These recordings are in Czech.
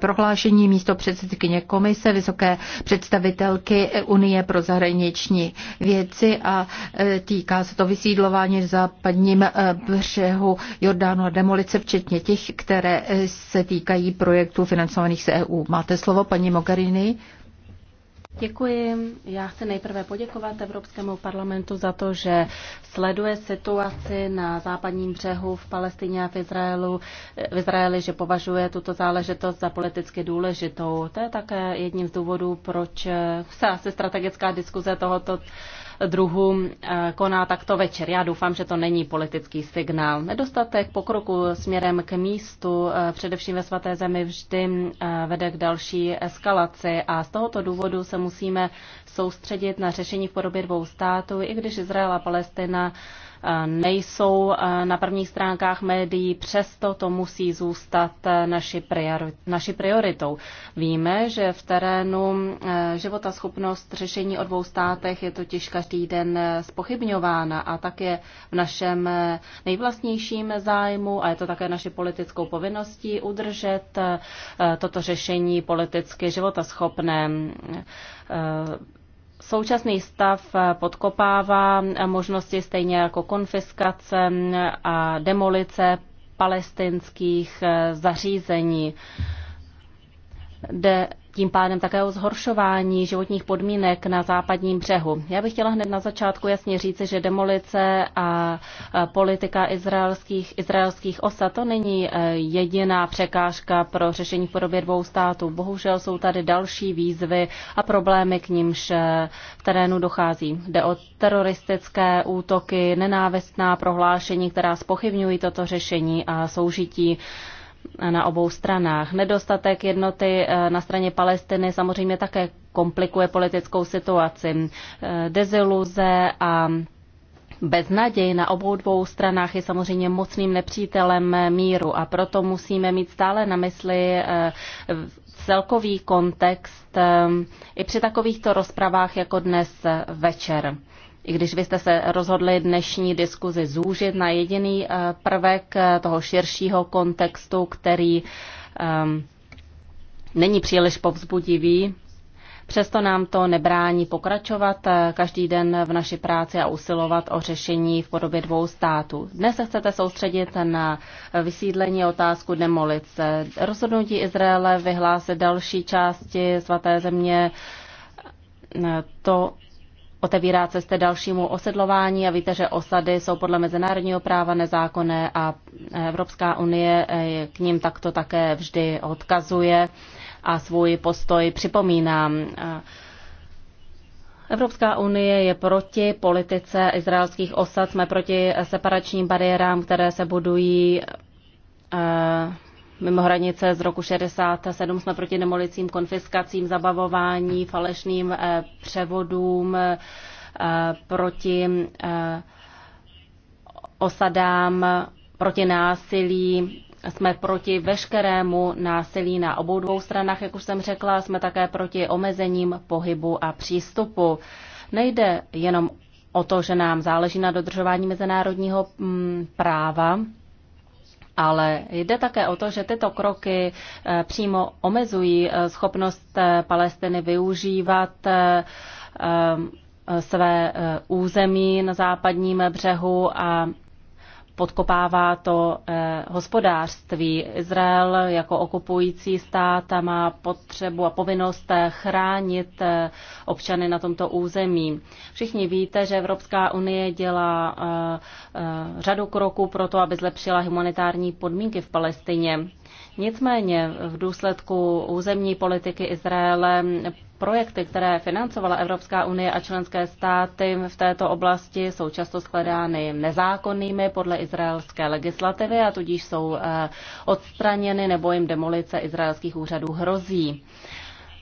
prohlášení místo předsedkyně komise Vysoké představitelky Unie pro zahraniční věci a e, týká se to vysídlování v západním e, břehu Jordánu a demolice, včetně těch, které e, se týkají projektů financovaných z EU. Máte slovo, paní Mogherini? Děkuji. Já chci nejprve poděkovat Evropskému parlamentu za to, že sleduje situaci na západním břehu v Palestině a v, Izraelu, v Izraeli, že považuje tuto záležitost za politicky důležitou. To je také jedním z důvodů, proč se asi strategická diskuze tohoto druhu eh, koná takto večer. Já doufám, že to není politický signál. Nedostatek pokroku směrem k místu, eh, především ve svaté zemi, vždy eh, vede k další eskalaci a z tohoto důvodu se musíme soustředit na řešení v podobě dvou států, i když Izrael a Palestina nejsou na prvních stránkách médií, přesto to musí zůstat naši, priori, naši prioritou. Víme, že v terénu života schopnost řešení o dvou státech je totiž každý den spochybňována a tak je v našem nejvlastnějším zájmu a je to také naši politickou povinností udržet toto řešení politicky životaschopné Současný stav eh, podkopává eh, možnosti stejně jako konfiskace eh, a demolice palestinských zařízení. Jde tím pádem také o zhoršování životních podmínek na západním břehu. Já bych chtěla hned na začátku jasně říci, že demolice a politika izraelských, izraelských osad to není e, jediná překážka pro řešení v podobě dvou států. Bohužel jsou tady další výzvy a problémy, k nímž e, v terénu dochází. Jde o teroristické útoky, nenávistná prohlášení, která spochybňují toto řešení a soužití na obou stranách. Nedostatek jednoty eh, na straně Palestiny samozřejmě také komplikuje politickou situaci. Eh, deziluze a Beznaděj na obou dvou stranách je samozřejmě mocným nepřítelem míru a proto musíme mít stále na mysli eh, celkový kontext i při takovýchto rozpravách jako dnes večer i když vy jste se rozhodli dnešní diskuzi zúžit na jediný eh, prvek eh, toho širšího kontextu, který um, není příliš povzbudivý, Přesto nám to nebrání pokračovat eh, každý den v naší práci a usilovat o řešení v podobě dvou států. Dnes se chcete soustředit na vysídlení otázku demolice. Rozhodnutí Izraele vyhlásit další části svaté země to otevírá cesty dalšímu osedlování a víte, že osady jsou podle mezinárodního práva nezákonné a Evropská unie eh, k ním takto také vždy odkazuje a svůj postoj připomíná. Eh, Evropská unie je proti politice izraelských osad, jsme proti separačním bariérám, které se budují eh, mimo hranice z roku 67 jsme proti demolicím, konfiskacím, zabavování, falešným eh, převodům, eh, proti eh, osadám, proti násilí, jsme proti veškerému násilí na obou dvou stranách, jak už jsem řekla, jsme také proti omezením pohybu a přístupu. Nejde jenom o to, že nám záleží na dodržování mezinárodního mm, práva, ale jde také o to, že tyto kroky eh, přímo omezují eh, schopnost eh, Palestiny využívat své území na západním břehu a podkopává to eh, hospodářství. Izrael jako okupující stát má potřebu a povinnost eh, chránit eh, občany na tomto území. Všichni víte, že Evropská unie dělá řadu kroků pro to, aby zlepšila humanitární podmínky v Palestině. Nicméně v důsledku územní politiky Izraele projekty, které financovala Evropská unie a členské státy v této oblasti, jsou často shledány nezákonnými podle izraelské legislativy a tudíž jsou eh, odstraněny nebo jim demolice izraelských úřadů hrozí.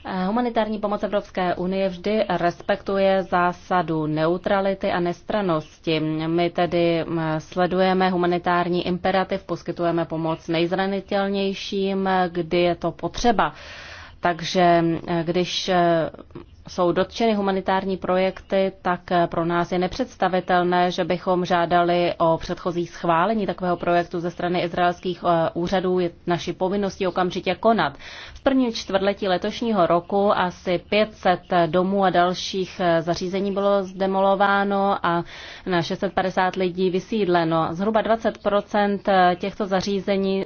Eh, humanitární pomoc Evropské unie vždy respektuje zásadu neutrality a nestranosti. My tedy eh, sledujeme humanitární imperativ, poskytujeme pomoc nejzranitelnějším, kdy je to potřeba. Takže eh, když eh, jsou dotčeny humanitární projekty, tak eh, pro nás je nepředstavitelné, že bychom žádali o předchozí schválení takového projektu ze strany izraelských úřadů. Je naši povinností okamžitě konat. V prvním čtvrtletí letošního roku asi 500 domů a dalších zařízení bylo zdemolováno a na 650 lidí vysídleno. Zhruba 20 těchto zařízení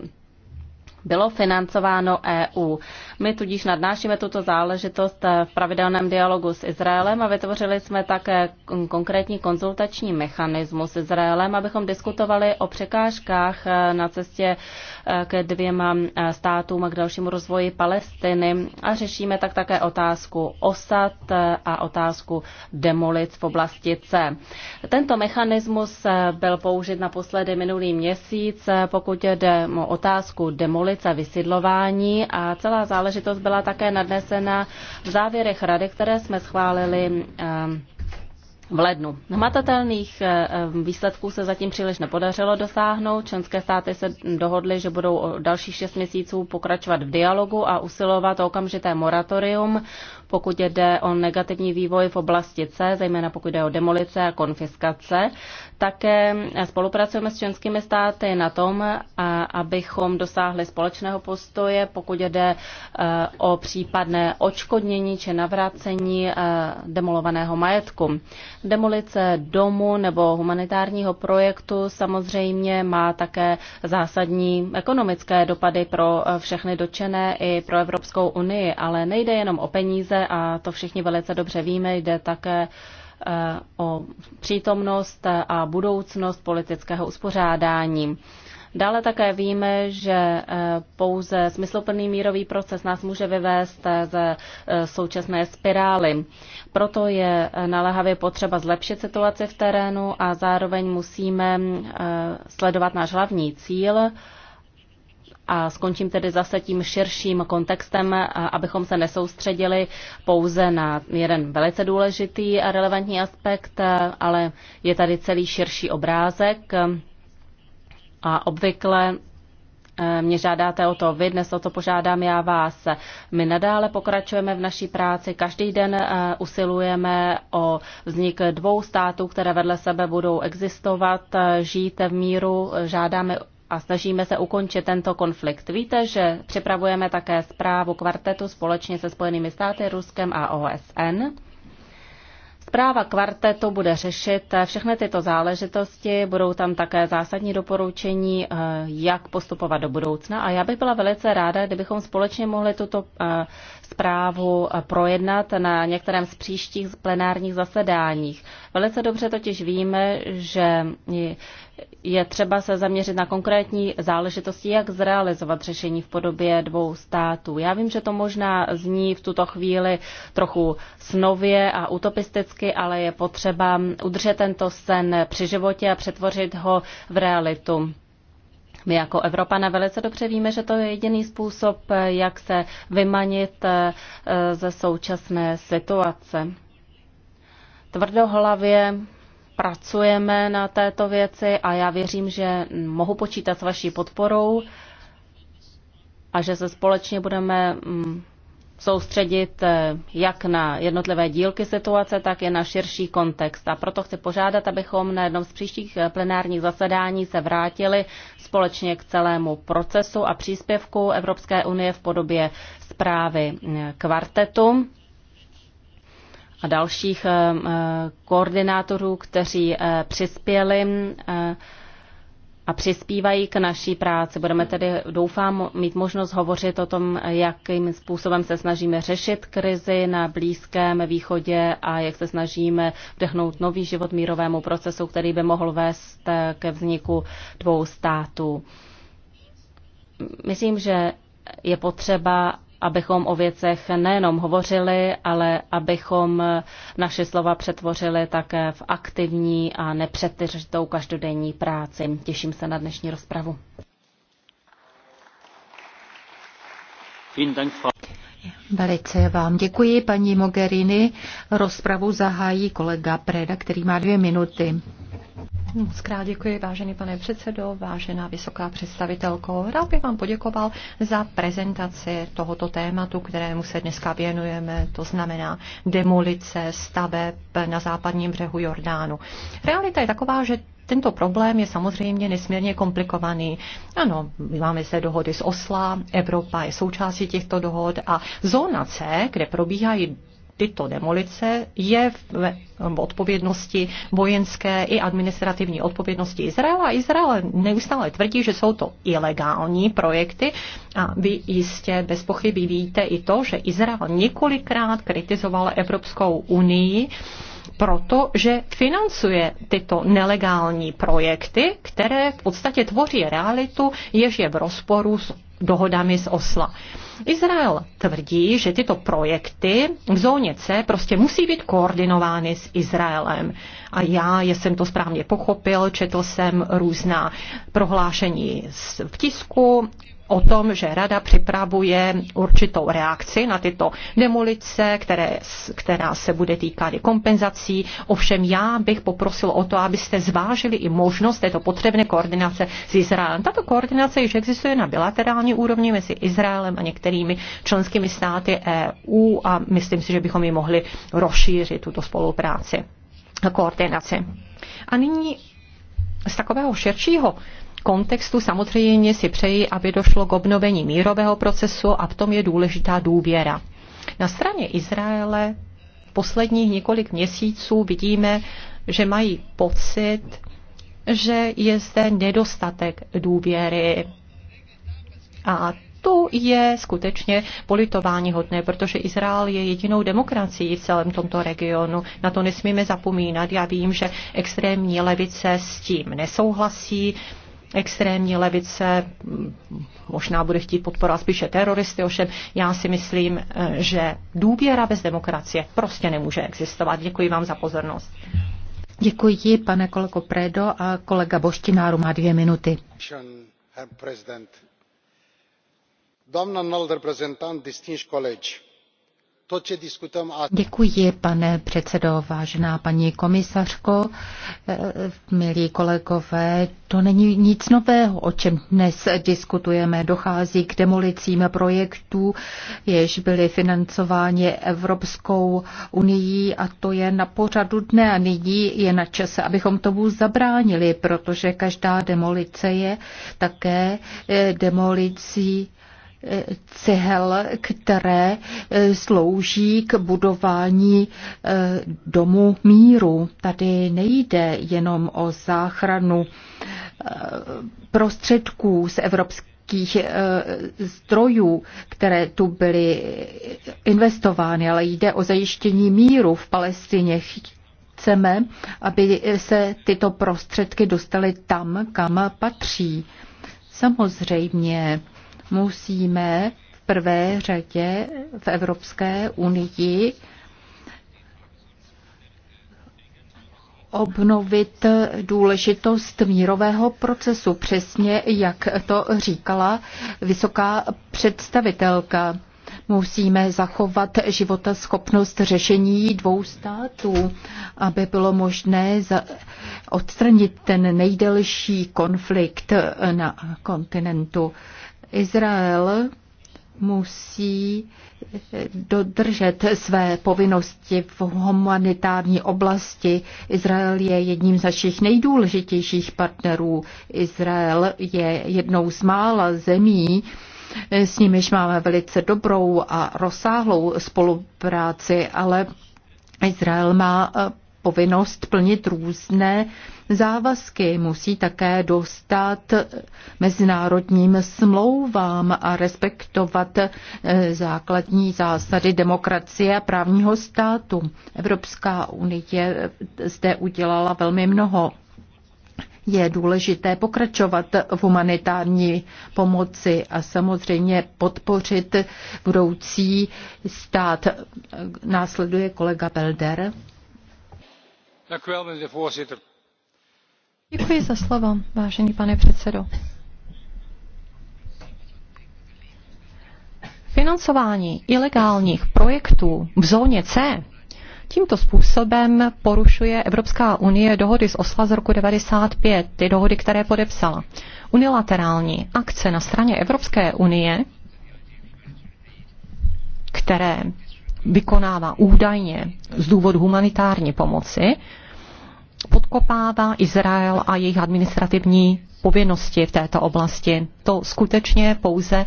bylo financováno EU. My tudíž nadnášíme tuto záležitost v pravidelném dialogu s Izraelem a vytvořili jsme také konkrétní konzultační mechanismus s Izraelem, abychom diskutovali o překážkách eh, na cestě ke dvěma eh, státům a k dalšímu rozvoji Palestiny a řešíme tak také otázku osad eh, a otázku demolic v oblasti C. Tento mechanismus eh, byl použit naposledy minulý měsíc, pokud jde o otázku demolice a vysidlování a celá záležitost byla také nadnesena v závěrech rady, které jsme schválili v lednu. Hmatatelných eh, eh, výsledků se zatím příliš nepodařilo dosáhnout. Členské státy se dohodly, že budou o dalších šest měsíců pokračovat v dialogu a usilovat o okamžité moratorium pokud jde o negativní vývoj v oblasti C, zejména pokud jde o demolice a konfiskace. Také spolupracujeme s členskými státy na tom, abychom dosáhli společného postoje, pokud jde e, o případné očkodnění či navrácení e, demolovaného majetku. Demolice domu nebo humanitárního projektu samozřejmě má také zásadní ekonomické dopady pro e, všechny dočené i pro Evropskou unii, ale nejde jenom o peníze, a to všichni velice dobře víme. Jde také eh, o přítomnost a budoucnost politického uspořádání. Dále také víme, že eh, pouze smysluplný mírový proces nás může vyvést ze eh, současné spirály. Proto je naléhavě potřeba zlepšit situaci v terénu a zároveň musíme sledovat náš hlavní cíl, a skončím tedy zase tím širším kontextem, abychom se nesoustředili pouze na jeden velice důležitý a relevantní aspekt, ale je tady celý širší obrázek. A obvykle e, mě žádáte o to vy, dnes o to požádám já vás. My nadále pokračujeme v naší práci, každý den e, usilujeme o vznik dvou států, které vedle sebe budou existovat, e, žijte v míru, žádáme a snažíme se ukončit tento konflikt. Víte, že připravujeme také zprávu kvartetu společně se Spojenými státy, Ruskem a OSN Zpráva kvartetu bude řešit eh, všechny tyto záležitosti, budou tam také zásadní doporučení, eh, jak postupovat do budoucna a já bych byla velice ráda, kdybychom společně mohli tuto eh, zprávu projednat na některém z příštích plenárních zasedáních. Velice dobře totiž víme, že je třeba se zaměřit na konkrétní záležitosti, jak zrealizovat řešení v podobě dvou států. Já vím, že to možná zní v tuto chvíli trochu snově a utopisticky, otázky, ale je potřeba udržet tento sen při životě a přetvořit ho v realitu. My jako Evropana velice dobře víme, že to je jediný způsob, jak se vymanit eh, ze současné situace. Tvrdohlavě pracujeme na této věci a já věřím, že mohu počítat s vaší podporou a že se společně budeme mm, soustředit eh, jak na jednotlivé dílky situace, tak i na širší kontext. A proto chci požádat, abychom na jednom z příštích eh, plenárních zasedání se vrátili společně k celému procesu a příspěvku Evropské unie v podobě zprávy eh, kvartetu a dalších koordinátorů, kteří přispěli a přispívají k naší práci. Budeme tedy, doufám, mít možnost hovořit o tom, jakým způsobem se snažíme řešit krizi na Blízkém východě a jak se snažíme vdechnout nový život mírovému procesu, který by mohl vést ke vzniku dvou států. Myslím, že je potřeba abychom o věcech nejenom hovořili, ale abychom naše slova přetvořili také v aktivní a nepřetržitou každodenní práci. Těším se na dnešní rozpravu. Velice vám děkuji, paní Mogherini. Rozpravu zahájí kolega Preda, který má dvě minuty. Moc krát děkuji, vážený pane předsedo, vážená vysoká představitelko. Rád bych vám poděkoval za prezentaci tohoto tématu, kterému se dneska věnujeme, to znamená demolice staveb na západním břehu Jordánu. Realita je taková, že tento problém je samozřejmě nesmírně komplikovaný. Ano, my máme zde dohody z Osla, Evropa je součástí těchto dohod a zóna C, kde probíhají tyto demolice je v odpovědnosti vojenské i administrativní odpovědnosti Izraela. Izrael neustále tvrdí, že jsou to ilegální projekty a vy jistě bez pochyby víte i to, že Izrael několikrát kritizoval Evropskou unii protože financuje tyto nelegální projekty, které v podstatě tvoří realitu, jež je v rozporu s dohodami z Osla. Izrael tvrdí, že tyto projekty v zóně C prostě musí být koordinovány s Izraelem. A já, jestli jsem to správně pochopil, četl jsem různá prohlášení v tisku o tom, že rada připravuje určitou reakci na tyto demolice, které, která se bude týkat i kompenzací. Ovšem já bych poprosil o to, abyste zvážili i možnost této potřebné koordinace s Izraelem. Tato koordinace již existuje na bilaterální úrovni mezi Izraelem a některými členskými státy EU a myslím si, že bychom ji mohli rozšířit tuto spolupráci a koordinaci. A nyní z takového širšího kontextu samozřejmě si přeji, aby došlo k obnovení mírového procesu a v tom je důležitá důvěra. Na straně Izraele posledních několik měsíců vidíme, že mají pocit, že je zde nedostatek důvěry. A to je skutečně politování hodné, protože Izrael je jedinou demokracií v celém tomto regionu. Na to nesmíme zapomínat. Já vím, že extrémní levice s tím nesouhlasí extrémní levice mm, možná bude chtít podporovat spíše teroristy, ovšem já si myslím, eh, že důvěra bez demokracie prostě nemůže existovat. Děkuji vám za pozornost. Děkuji, pane kolego Predo a kolega Boštináru má dvě minuty. reprezentant, Děkuji, pane předsedo, vážená paní komisařko, eh, milí kolegové. To není nic nového, o čem dnes diskutujeme. Dochází k demolicím projektů, jež byly financováni Evropskou unii a to je na pořadu dne a nyní je na čase, abychom tomu zabránili, protože každá demolice je také eh, demolicí cihel, které eh, slouží k budování eh, domu míru. Tady nejde jenom o záchranu eh, prostředků z Evropské zdrojů, které tu byly investovány, ale jde o zajištění míru v Palestině chceme, aby se tyto prostředky dostaly tam, kam patří. Samozřejmě musíme v prvé řadě v Evropské unii obnovit důležitost mírového procesu, přesně jak to říkala vysoká představitelka. Musíme zachovat života schopnost řešení dvou států, aby bylo možné odstranit ten nejdelší konflikt na kontinentu. Izrael musí dodržet své povinnosti v humanitární oblasti. Izrael je jedním z našich nejdůležitějších partnerů. Izrael je jednou z mála zemí, s nimiž máme velice dobrou a rozsáhlou spolupráci, ale Izrael má povinnost plnit různé závazky. Musí také dostat mezinárodním smlouvám a respektovat eh, základní zásady demokracie a právního státu. Evropská unie eh, zde udělala velmi mnoho je důležité pokračovat v humanitární pomoci a samozřejmě podpořit budoucí stát. Následuje kolega Belder. Děkuji za slovo, vážený pane předsedo. Financování ilegálních projektů v zóně C Tímto způsobem porušuje Evropská unie dohody z Osla z roku 1995, ty dohody, které podepsala. Unilaterální akce na straně Evropské unie, které vykonává údajně z důvodu humanitární pomoci, podkopává Izrael a jejich administrativní povinnosti v této oblasti. To skutečně pouze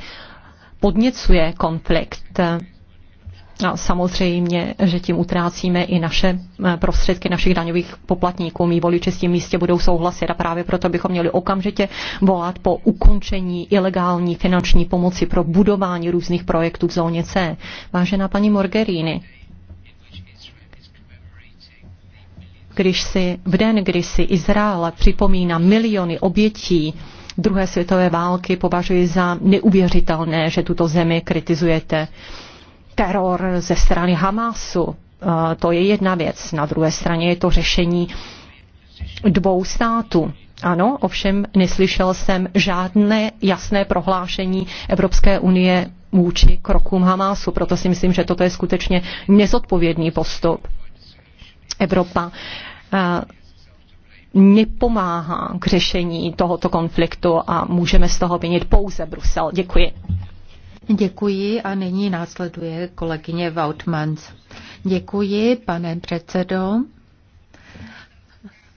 podněcuje konflikt. A no, samozřejmě, že tím utrácíme i naše eh, prostředky našich daňových poplatníků. Mí voliči s tím místě budou souhlasit a právě proto bychom měli okamžitě volat po ukončení ilegální finanční pomoci pro budování různých projektů v zóně C. Vážená paní Morgerini, když si, v den, kdy si Izrael připomíná miliony obětí druhé světové války, považuji za neuvěřitelné, že tuto zemi kritizujete teror ze strany Hamasu. Eh, to je jedna věc. Na druhé straně je to řešení dvou států. Ano, ovšem neslyšel jsem žádné jasné prohlášení Evropské unie vůči krokům Hamásu, proto si myslím, že toto je skutečně nezodpovědný postup. Evropa eh, nepomáhá k řešení tohoto konfliktu a můžeme z toho vinit pouze Brusel. Děkuji. Děkuji a nyní následuje kolegyně Vautmans. Děkuji, pane předsedo.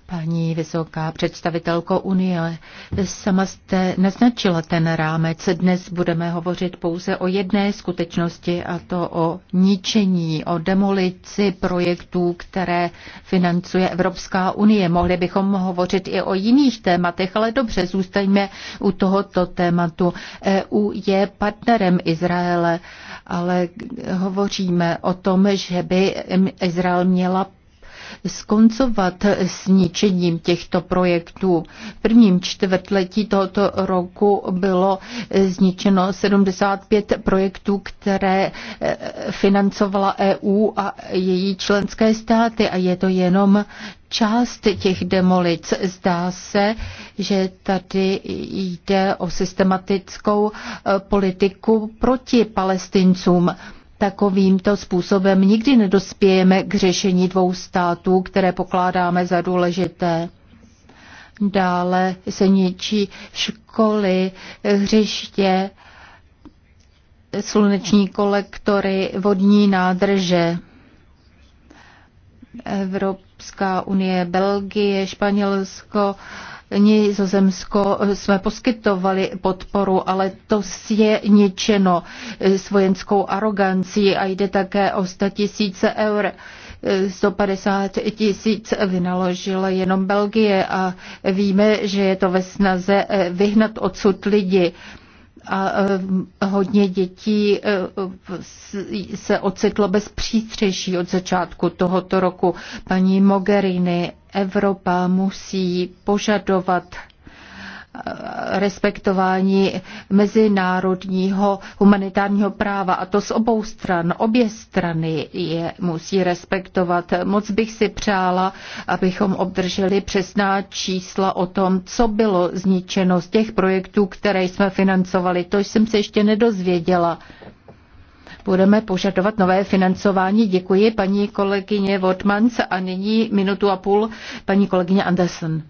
Paní vysoká představitelko Unie, sama jste naznačila ten rámec. Dnes budeme hovořit pouze o jedné skutečnosti, a to o ničení, o demolici projektů, které financuje Evropská unie. Mohli bychom hovořit i o jiných tématech, ale dobře, zůstaňme u tohoto tématu. EU je partnerem Izraele, ale hovoříme o tom, že by Izrael měla skoncovat s ničením těchto projektů. V prvním čtvrtletí tohoto roku bylo zničeno 75 projektů, které eh, financovala EU a její členské státy a je to jenom část těch demolic. Zdá se, že tady jde o systematickou eh, politiku proti palestincům. Takovýmto způsobem nikdy nedospějeme k řešení dvou států, které pokládáme za důležité. Dále se ničí školy, hřiště, sluneční kolektory, vodní nádrže. Evropská unie, Belgie, Španělsko, Nizozemsko eh, jsme poskytovali podporu, ale to je ničeno eh, s vojenskou arogancí a jde také o 100 tisíce eur. 150 eh, tisíc vynaložila jenom Belgie a víme, že je to ve snaze vyhnat odsud lidi a hodně dětí se ocitlo bez přístřeší od začátku tohoto roku. Paní Mogherini Evropa musí požadovat eh, respektování mezinárodního humanitárního práva a to z obou stran. Obě strany je musí respektovat. Moc bych si přála, abychom obdrželi přesná čísla o tom, co bylo zničeno z těch projektů, které jsme financovali. To jsem se ještě nedozvěděla budeme požadovat nové financování. Děkuji paní kolegyně Wortmans a nyní minutu a půl paní kolegyně Andersen.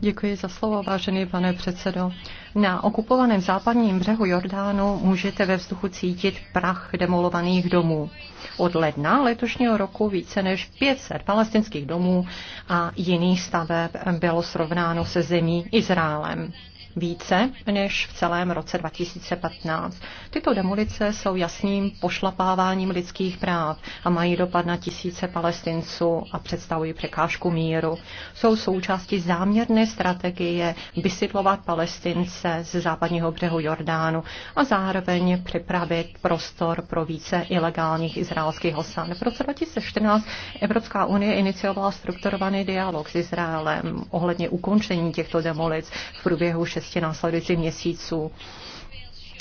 Děkuji za slovo, vážený pane předsedo. Na okupovaném západním břehu Jordánu můžete ve vzduchu cítit prach demolovaných domů. Od ledna letošního roku více než 500 palestinských domů a jiných staveb bylo srovnáno se zemí Izraelem více než v celém roce 2015. Tyto demolice jsou jasným pošlapáváním lidských práv a mají dopad na tisíce palestinců a představují překážku míru. Jsou součástí záměrné strategie vysidlovat palestince z západního břehu Jordánu a zároveň připravit prostor pro více ilegálních izraelských osad. V roce 2014 Evropská unie iniciovala strukturovaný dialog s Izraelem ohledně ukončení těchto demolic v průběhu 6 ještě následujících měsíců.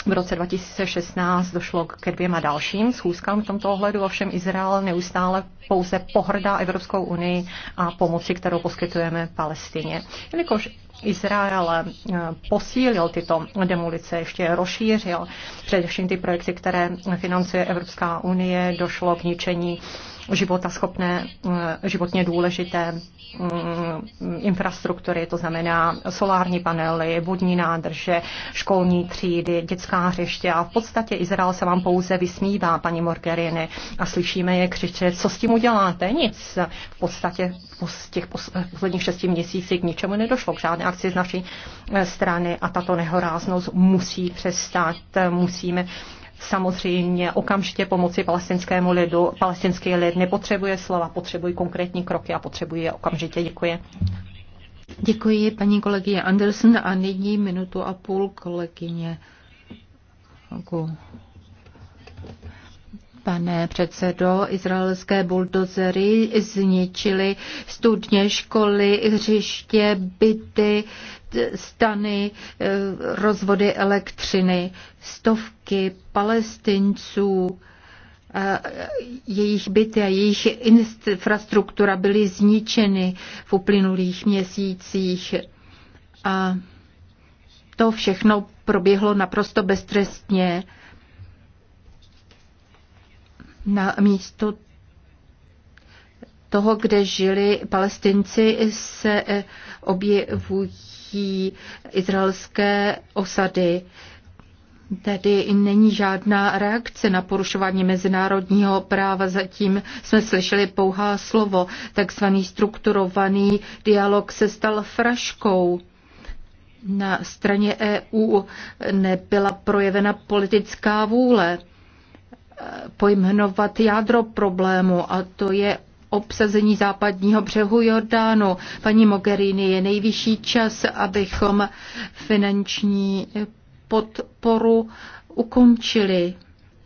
V roce 2016 došlo ke dvěma dalším schůzkám v tomto ohledu, ovšem Izrael neustále pouze pohrdá Evropskou unii a pomoci, kterou poskytujeme Palestině. Jelikož Izrael eh, posílil tyto demolice, ještě rozšířil především ty projekty, které financuje Evropská unie, došlo k ničení životaschopné, mm, životně důležité mm, infrastruktury, to znamená solární panely, vodní nádrže, školní třídy, dětská hřiště a v podstatě Izrael se vám pouze vysmívá, paní Morgerini, a slyšíme je křičet, co s tím uděláte? Nic. V podstatě po těch posledních šesti měsících k ničemu nedošlo, k žádné akci z naší eh, strany a tato nehoráznost musí přestat, musíme samozřejmě okamžitě pomoci palestinskému lidu. Palestinský lid nepotřebuje slova, potřebuje konkrétní kroky a potřebuje je okamžitě. Děkuji. Děkuji paní kolegyně Anderson a nyní minutu a půl kolegyně. Pane předsedo, izraelské buldozery zničily studně, školy, hřiště, byty, stany, eh, rozvody elektřiny, stovky palestinců, eh, jejich byty a jejich infrastruktura byly zničeny v uplynulých měsících. A to všechno proběhlo naprosto beztrestně. Na místo toho, kde žili palestinci, se eh, objevují rozbití izraelské osady. Tedy není žádná reakce na porušování mezinárodního práva. Zatím jsme slyšeli pouhá slovo. Takzvaný strukturovaný dialog se stal fraškou. Na straně EU nebyla projevena politická vůle pojmenovat jádro problému a to je obsazení západního břehu Jordánu. Paní Mogherini, je nejvyšší čas, abychom finanční podporu ukončili.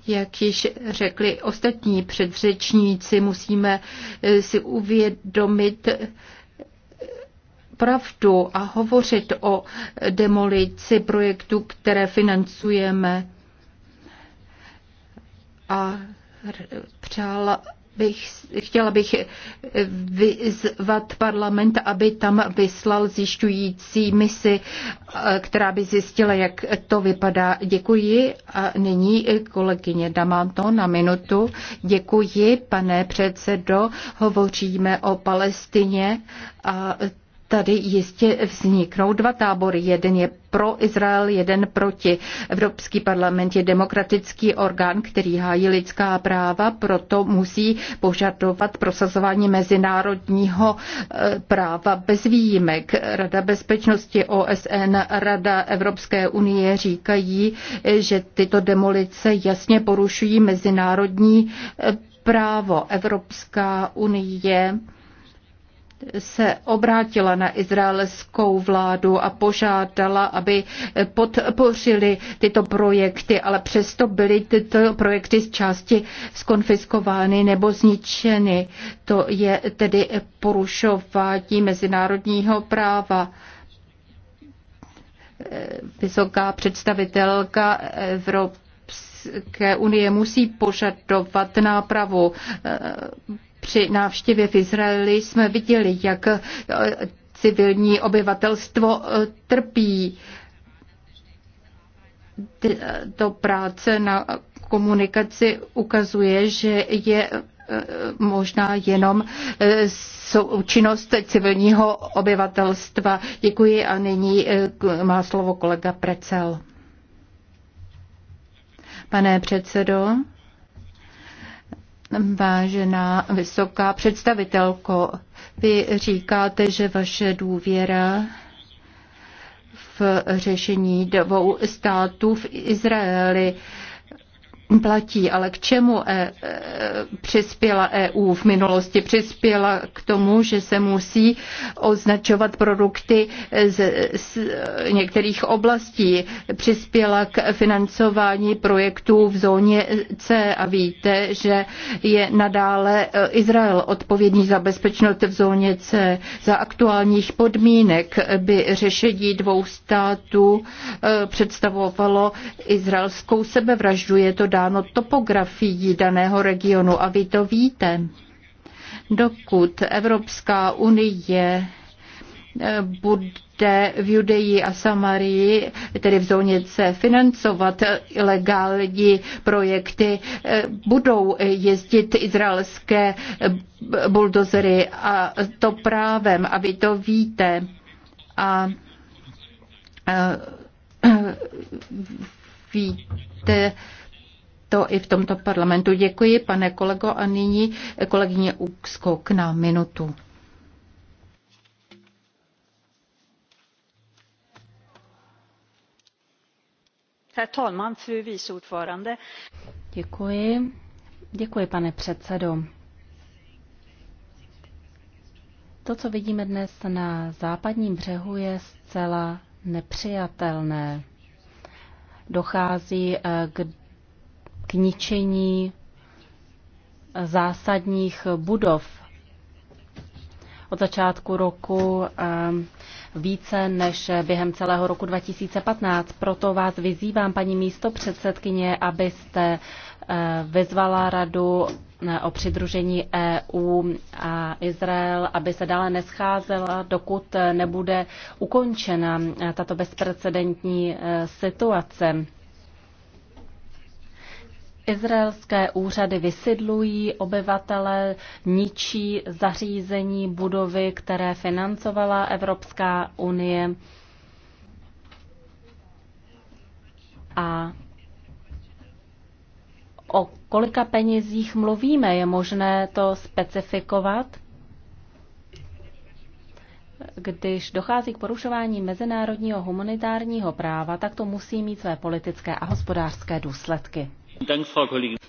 Jak již řekli ostatní předřečníci, musíme eh, si uvědomit eh, pravdu a hovořit o demolici projektu, které financujeme. A přála bych, chtěla bych vyzvat parlament, aby tam vyslal zjišťující misi, která by zjistila, jak to vypadá. Děkuji. A nyní kolegyně Damanto na minutu. Děkuji, pane předsedo. Hovoříme o Palestině a tady jistě vzniknou dva tábory. Jeden je pro Izrael, jeden proti. Evropský parlament je demokratický orgán, který hájí lidská práva, proto musí požadovat prosazování mezinárodního eh, práva bez výjimek. Rada bezpečnosti OSN, Rada Evropské unie říkají, eh, že tyto demolice jasně porušují mezinárodní eh, právo. Evropská unie se obrátila na izraelskou vládu a požádala, aby podpořili tyto projekty, ale přesto byly tyto projekty z části skonfiskovány nebo zničeny. To je tedy porušování mezinárodního práva vysoká představitelka Evropské unie musí požadovat nápravu při návštěvě v Izraeli jsme viděli, jak eh, civilní obyvatelstvo eh, trpí. Eh, to práce na komunikaci ukazuje, že je možná jenom součinnost civilního obyvatelstva. Děkuji a nyní má slovo kolega Precel. Pane předsedo, Vážená vysoká představitelko, vy říkáte, že vaše důvěra v řešení dvou států v Izraeli platí, ale k čemu eh, eh, e, e, přispěla EU v minulosti? Přispěla k tomu, že se musí označovat produkty z, z některých oblastí. Přispěla k financování projektů v zóně C a víte, že je nadále eh, Izrael odpovědný za bezpečnost v zóně C. Za aktuálních podmínek by řešení dvou států e, představovalo izraelskou sebevraždu. Je to dále dáno topografií daného regionu a vy to víte. Dokud Evropská unie eh, bude v Judeji a Samarii, tedy v zóně C, financovat ilegální projekty, eh, budou jezdit izraelské eh, buldozery a to právem, a vy to víte. A, a víte, to i v tomto parlamentu. Děkuji, pane kolego, a nyní kolegyně Ukskok na minutu. Herr talman, Děkuji. Děkuji, pane předsedo. To, co vidíme dnes na západním břehu, je zcela nepřijatelné. Dochází eh, k k ničení zásadních budov. Od začátku roku ehm, více než během celého roku 2015. Proto vás vyzývám, paní místo předsedkyně, abyste eh, vyzvala radu eh, o přidružení EU a Izrael, aby se dále nescházela, dokud nebude ukončena eh, tato bezprecedentní situace. Izraelské úřady vysidlují obyvatele, ničí zařízení, budovy, které financovala Evropská unie. A o kolika penězích mluvíme? Je možné to specifikovat? Když dochází k porušování mezinárodního humanitárního práva, tak to musí mít své politické a hospodářské důsledky.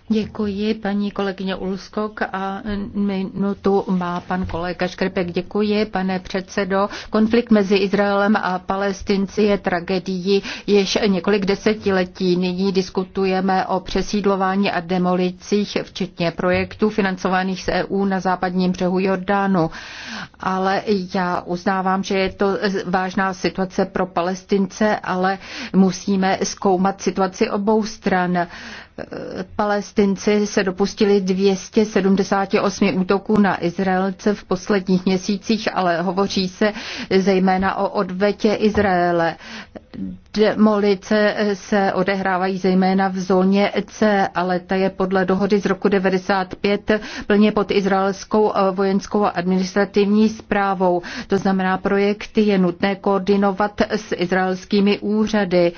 Děkuji, paní kolegyně Ulskok a minutu má pan kolega Škrpek. Děkuji, pane předsedo. Konflikt mezi Izraelem a Palestinci je tragedií již několik desetiletí. Nyní diskutujeme o přesídlování a demolicích, včetně projektů financovaných z EU na západním břehu Jordánu. Ale já uznávám, že je to vážná situace pro Palestince, ale musíme zkoumat situaci obou stran Palestinci se dopustili 278 útoků na Izraelce v posledních měsících, ale hovoří se zejména o odvetě Izraele. Demolice se odehrávají zejména v zóně C, ale ta je podle dohody z roku 95 plně pod izraelskou eh, vojenskou administrativní zprávou. To znamená, projekty je nutné koordinovat s izraelskými úřady.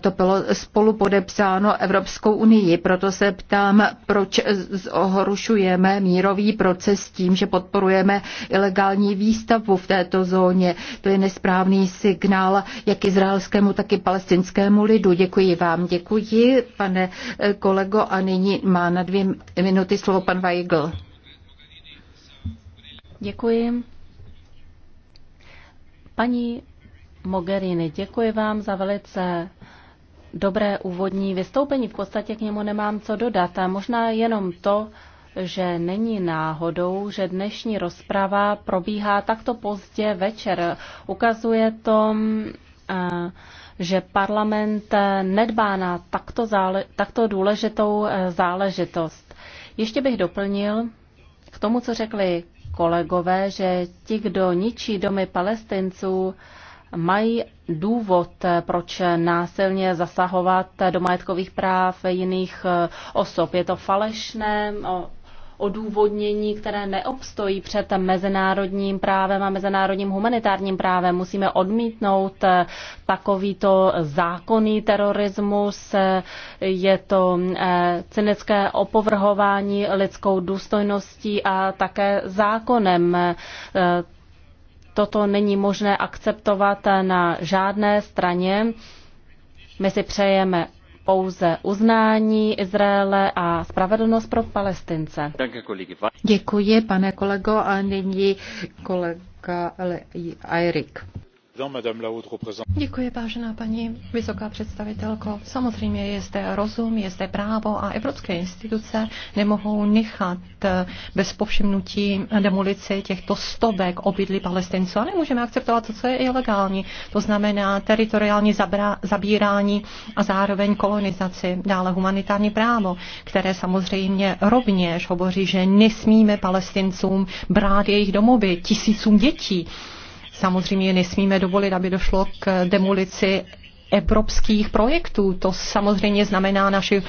To bylo spolu podepsáno Evropskou unii unii. Proto se ptám, proč ohrušujeme mírový proces tím, že podporujeme ilegální výstavbu v této zóně. To je nesprávný signál jak izraelskému, tak i palestinskému lidu. Děkuji vám. Děkuji, pane eh, kolego. A nyní má na dvě minuty slovo pan Weigl. Děkuji. Paní Mogherini, děkuji vám za velice dobré úvodní vystoupení. V podstatě k němu nemám co dodat. A možná jenom to, že není náhodou, že dnešní rozprava probíhá takto pozdě večer. Ukazuje to, eh, že parlament nedbá na takto, zále, takto důležitou eh, záležitost. Ještě bych doplnil k tomu, co řekli kolegové, že ti, kdo ničí domy palestinců, mají důvod, proč násilně zasahovat do majetkových práv jiných eh, osob. Je to falešné odůvodnění, které neobstojí před mezinárodním právem a mezinárodním humanitárním právem. Musíme odmítnout eh, takovýto zákonný terorismus. Eh, je to cynické opovrhování lidskou důstojností a také zákonem toto není možné akceptovat na žádné straně. My si přejeme pouze uznání Izraele a spravedlnost pro Palestince. Děkuji, pane kolego, a nyní kolega Eirik. Děkuji, vážená paní vysoká představitelko. Samozřejmě je zde rozum, je zde právo a evropské instituce nemohou nechat eh, bez povšimnutí demolici těchto stovek obydlí palestinců. A nemůžeme akceptovat to, co je ilegální. To znamená teritoriální zabra- zabírání a zároveň kolonizaci, dále humanitární právo, které samozřejmě rovněž hovoří, že nesmíme palestincům brát jejich domovy, tisícům dětí. Samozřejmě nesmíme dovolit, aby došlo k demolici evropských projektů. To samozřejmě znamená naši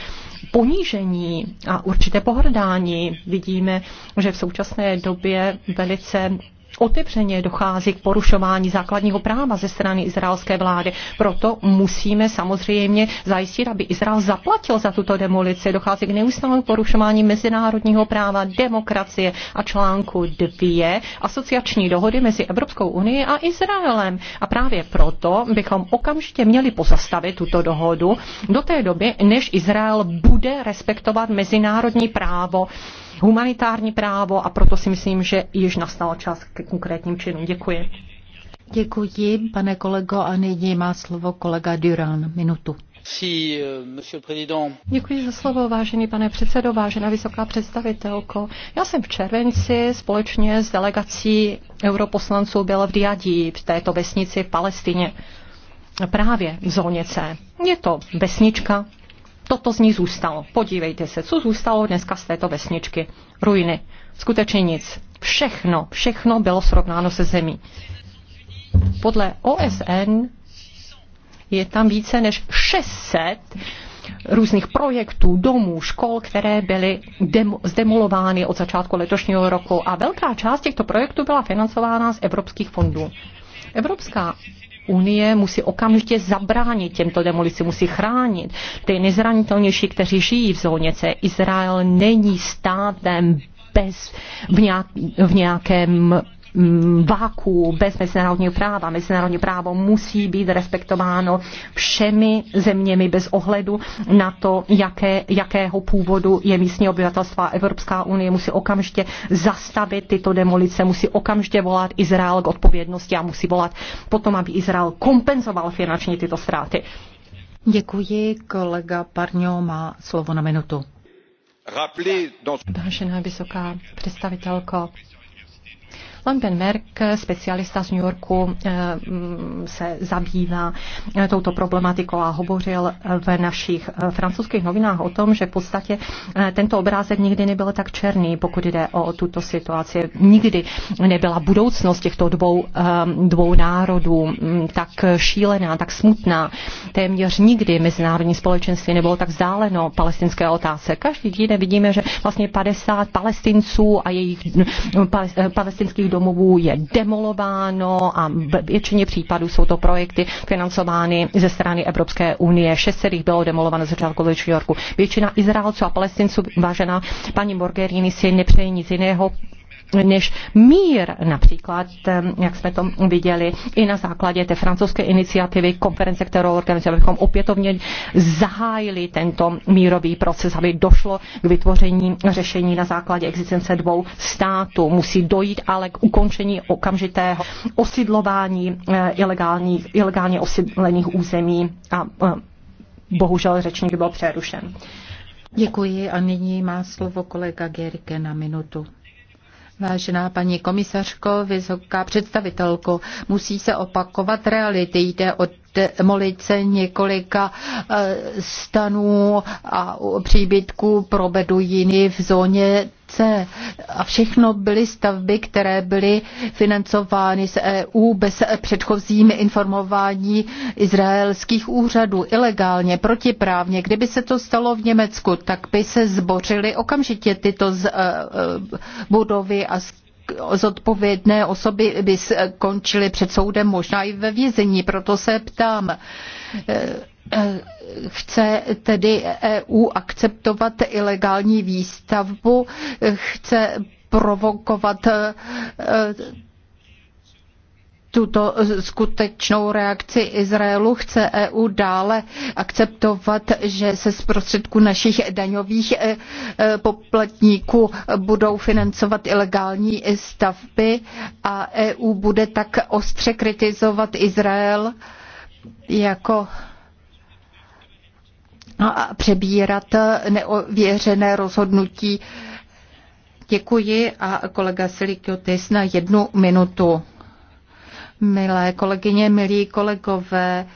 ponížení a určité pohrdání. Vidíme, že v současné době velice otevřeně dochází k porušování základního práva ze strany izraelské vlády. Proto musíme samozřejmě zajistit, aby Izrael zaplatil za tuto demolici. Dochází k neustálému porušování mezinárodního práva, demokracie a článku 2 asociační dohody mezi Evropskou unii a Izraelem. A právě proto bychom okamžitě měli pozastavit tuto dohodu do té doby, než Izrael bude respektovat mezinárodní právo humanitární právo a proto si myslím, že již nastal čas ke konkrétním činům. Děkuji. Děkuji, pane kolego, a nyní má slovo kolega Duran. Minutu. Euh, Děkuji za slovo, vážený pane předsedo, vážená vysoká představitelko. Já jsem v červenci společně s delegací europoslanců byla v Diadí, v této vesnici v Palestině, právě v zóně C. Je to vesnička, toto z ní zůstalo. Podívejte se, co zůstalo dneska z této vesničky. Ruiny. Skutečně nic. Všechno, všechno bylo srovnáno se zemí. Podle OSN je tam více než 600 různých projektů, domů, škol, které byly zdemolovány od začátku letošního roku a velká část těchto projektů byla financována z evropských fondů. Evropská unie musí okamžitě zabránit těmto demolicím, musí chránit ty nejzranitelnější, kteří žijí v zóně C. Izrael není státem bez v, nějak, v nějakém Mm, váku bez mezinárodního práva. Mezinárodní právo musí být respektováno všemi zeměmi bez ohledu na to, jaké, jakého původu je místní obyvatelstva. Evropská unie musí okamžitě zastavit tyto demolice, musí okamžitě volat Izrael k odpovědnosti a musí volat potom, aby Izrael kompenzoval finančně tyto ztráty. Děkuji, kolega Parňo má slovo na minutu. Vážená vysoká představitelko, Merck, specialista z New Yorku, eh, mm, se zabývá eh, touto problematikou a hovořil eh, v našich francouzských novinách o tom, že v podstatě tento obrázek nikdy nebyl tak černý, pokud jde o tuto situaci. Nikdy nebyla budoucnost těchto dvou, dvou národů mm, tak šílená, tak smutná. Téměř nikdy mezinárodní společenství nebylo tak vzdáleno palestinské otázce. Každý týden vidíme, že vlastně 50 palestinců a jejich mm, palestinských domovů je demolováno a v většině případů jsou to projekty financovány ze strany Evropské unie. Šest se jich bylo demolováno ze začátku letošního roku. Většina Izraelců a Palestinců, vážená paní Morgerini, si nepřeje nic jiného, než mír, například, eh, jak jsme to viděli, i na základě té francouzské iniciativy, konference, kterou organizujeme, abychom opětovně zahájili tento mírový proces, aby došlo k vytvoření řešení na základě existence dvou států. Musí dojít ale k ukončení okamžitého osidlování eh, ilegálních, ilegálně osidlených území a eh, bohužel řečník byl přerušen. Děkuji a nyní má slovo kolega Gerike na minutu. Vážená paní komisařko, vysoká představitelko, musí se opakovat reality. Jde o demolice několika eh, stanů a příbytků pro Beduiny v zóně C. A všechno byly stavby, které byly financovány z EU bez předchozími informování izraelských úřadů, ilegálně, protiprávně. Kdyby se to stalo v Německu, tak by se zbořily okamžitě tyto z, eh, eh, budovy a zodpovědné osoby by skončily před soudem, možná i ve vězení. Proto se ptám, eh, chce tedy EU akceptovat ilegální výstavbu, chce provokovat eh, tuto skutečnou reakci Izraelu chce EU dále akceptovat, že se z prostředků našich daňových e, e, poplatníků budou financovat ilegální stavby a EU bude tak ostře kritizovat Izrael jako no, a přebírat neověřené rozhodnutí Děkuji a kolega Silikiotis na jednu minutu. Milé kolegyně, milí kolegové,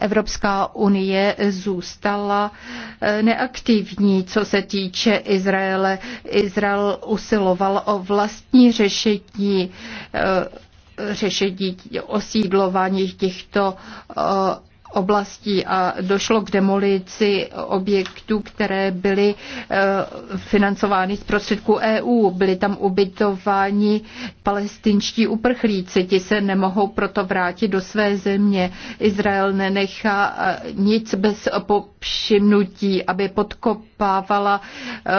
Evropská unie zůstala eh, neaktivní, co se týče Izraele. Izrael usiloval o vlastní řešení eh, řešení osídlování těchto eh, oblastí a došlo k demolici objektů, které byly eh, financovány z prostředků EU. Byly tam ubytováni palestinští uprchlíci, ti se nemohou proto vrátit do své země. Izrael nenechá eh, nic bez všimnutí, aby podkopávala eh,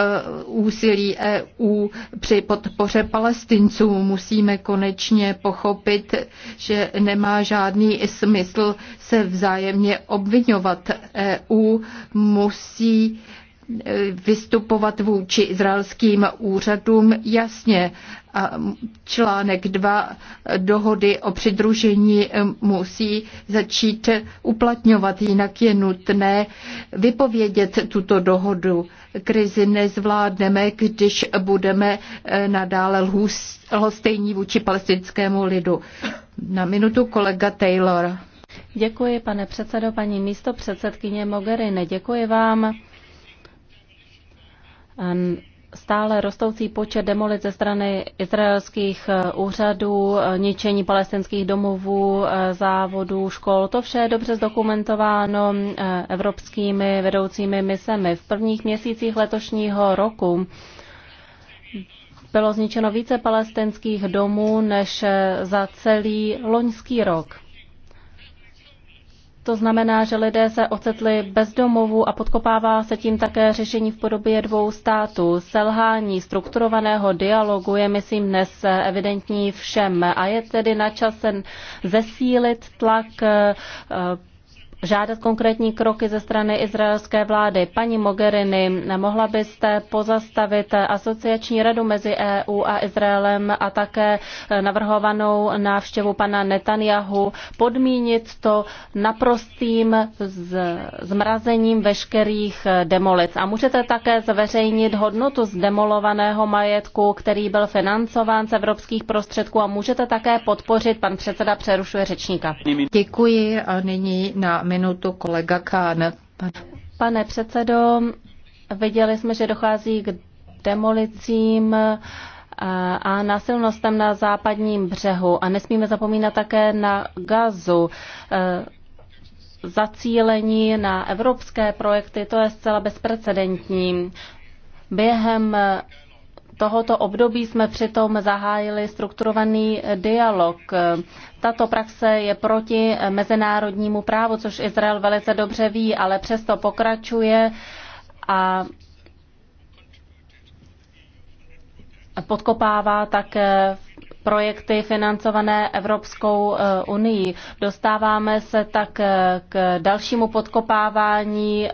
úsilí EU při podpoře palestinců. Musíme konečně pochopit, že nemá žádný smysl se vzájemně obvinovat. EU musí vystupovat vůči izraelským úřadům jasně. A článek 2 dohody o přidružení musí začít uplatňovat, jinak je nutné vypovědět tuto dohodu. Krizi nezvládneme, když budeme nadále lhostejní vůči palestinskému lidu. Na minutu kolega Taylor. Děkuji, pane předsedo, paní místo předsedkyně Mogherini. Děkuji vám stále rostoucí počet demolic ze strany izraelských eh, úřadů, eh, ničení palestinských domovů, eh, závodů, škol. To vše je dobře zdokumentováno evropskými vedoucími misemi. V prvních měsících letošního roku bylo zničeno více palestinských domů než za celý loňský rok. To znamená, že lidé se ocitli bez domovu a podkopává se tím také řešení v podobě dvou států. Selhání strukturovaného dialogu je, myslím, dnes evidentní všem a je tedy na čase zesílit tlak eh, žádat konkrétní kroky ze strany izraelské vlády. Paní Mogherini, mohla byste pozastavit asociační radu mezi EU a Izraelem a také navrhovanou návštěvu pana Netanyahu podmínit to naprostým zmrazením veškerých demolic. A můžete také zveřejnit hodnotu zdemolovaného majetku, který byl financován z evropských prostředků a můžete také podpořit, pan předseda přerušuje řečníka. Děkuji a nyní na minutu kolega Kán. Pane předsedo, viděli jsme, že dochází k demolicím a násilnostem na západním břehu. A nesmíme zapomínat také na gazu. E, zacílení na evropské projekty, to je zcela bezprecedentní. Během tohoto období jsme přitom zahájili strukturovaný dialog. Tato praxe je proti mezinárodnímu právu, což Izrael velice dobře ví, ale přesto pokračuje a podkopává také projekty financované Evropskou eh, unii. Dostáváme se tak eh, k dalšímu podkopávání eh,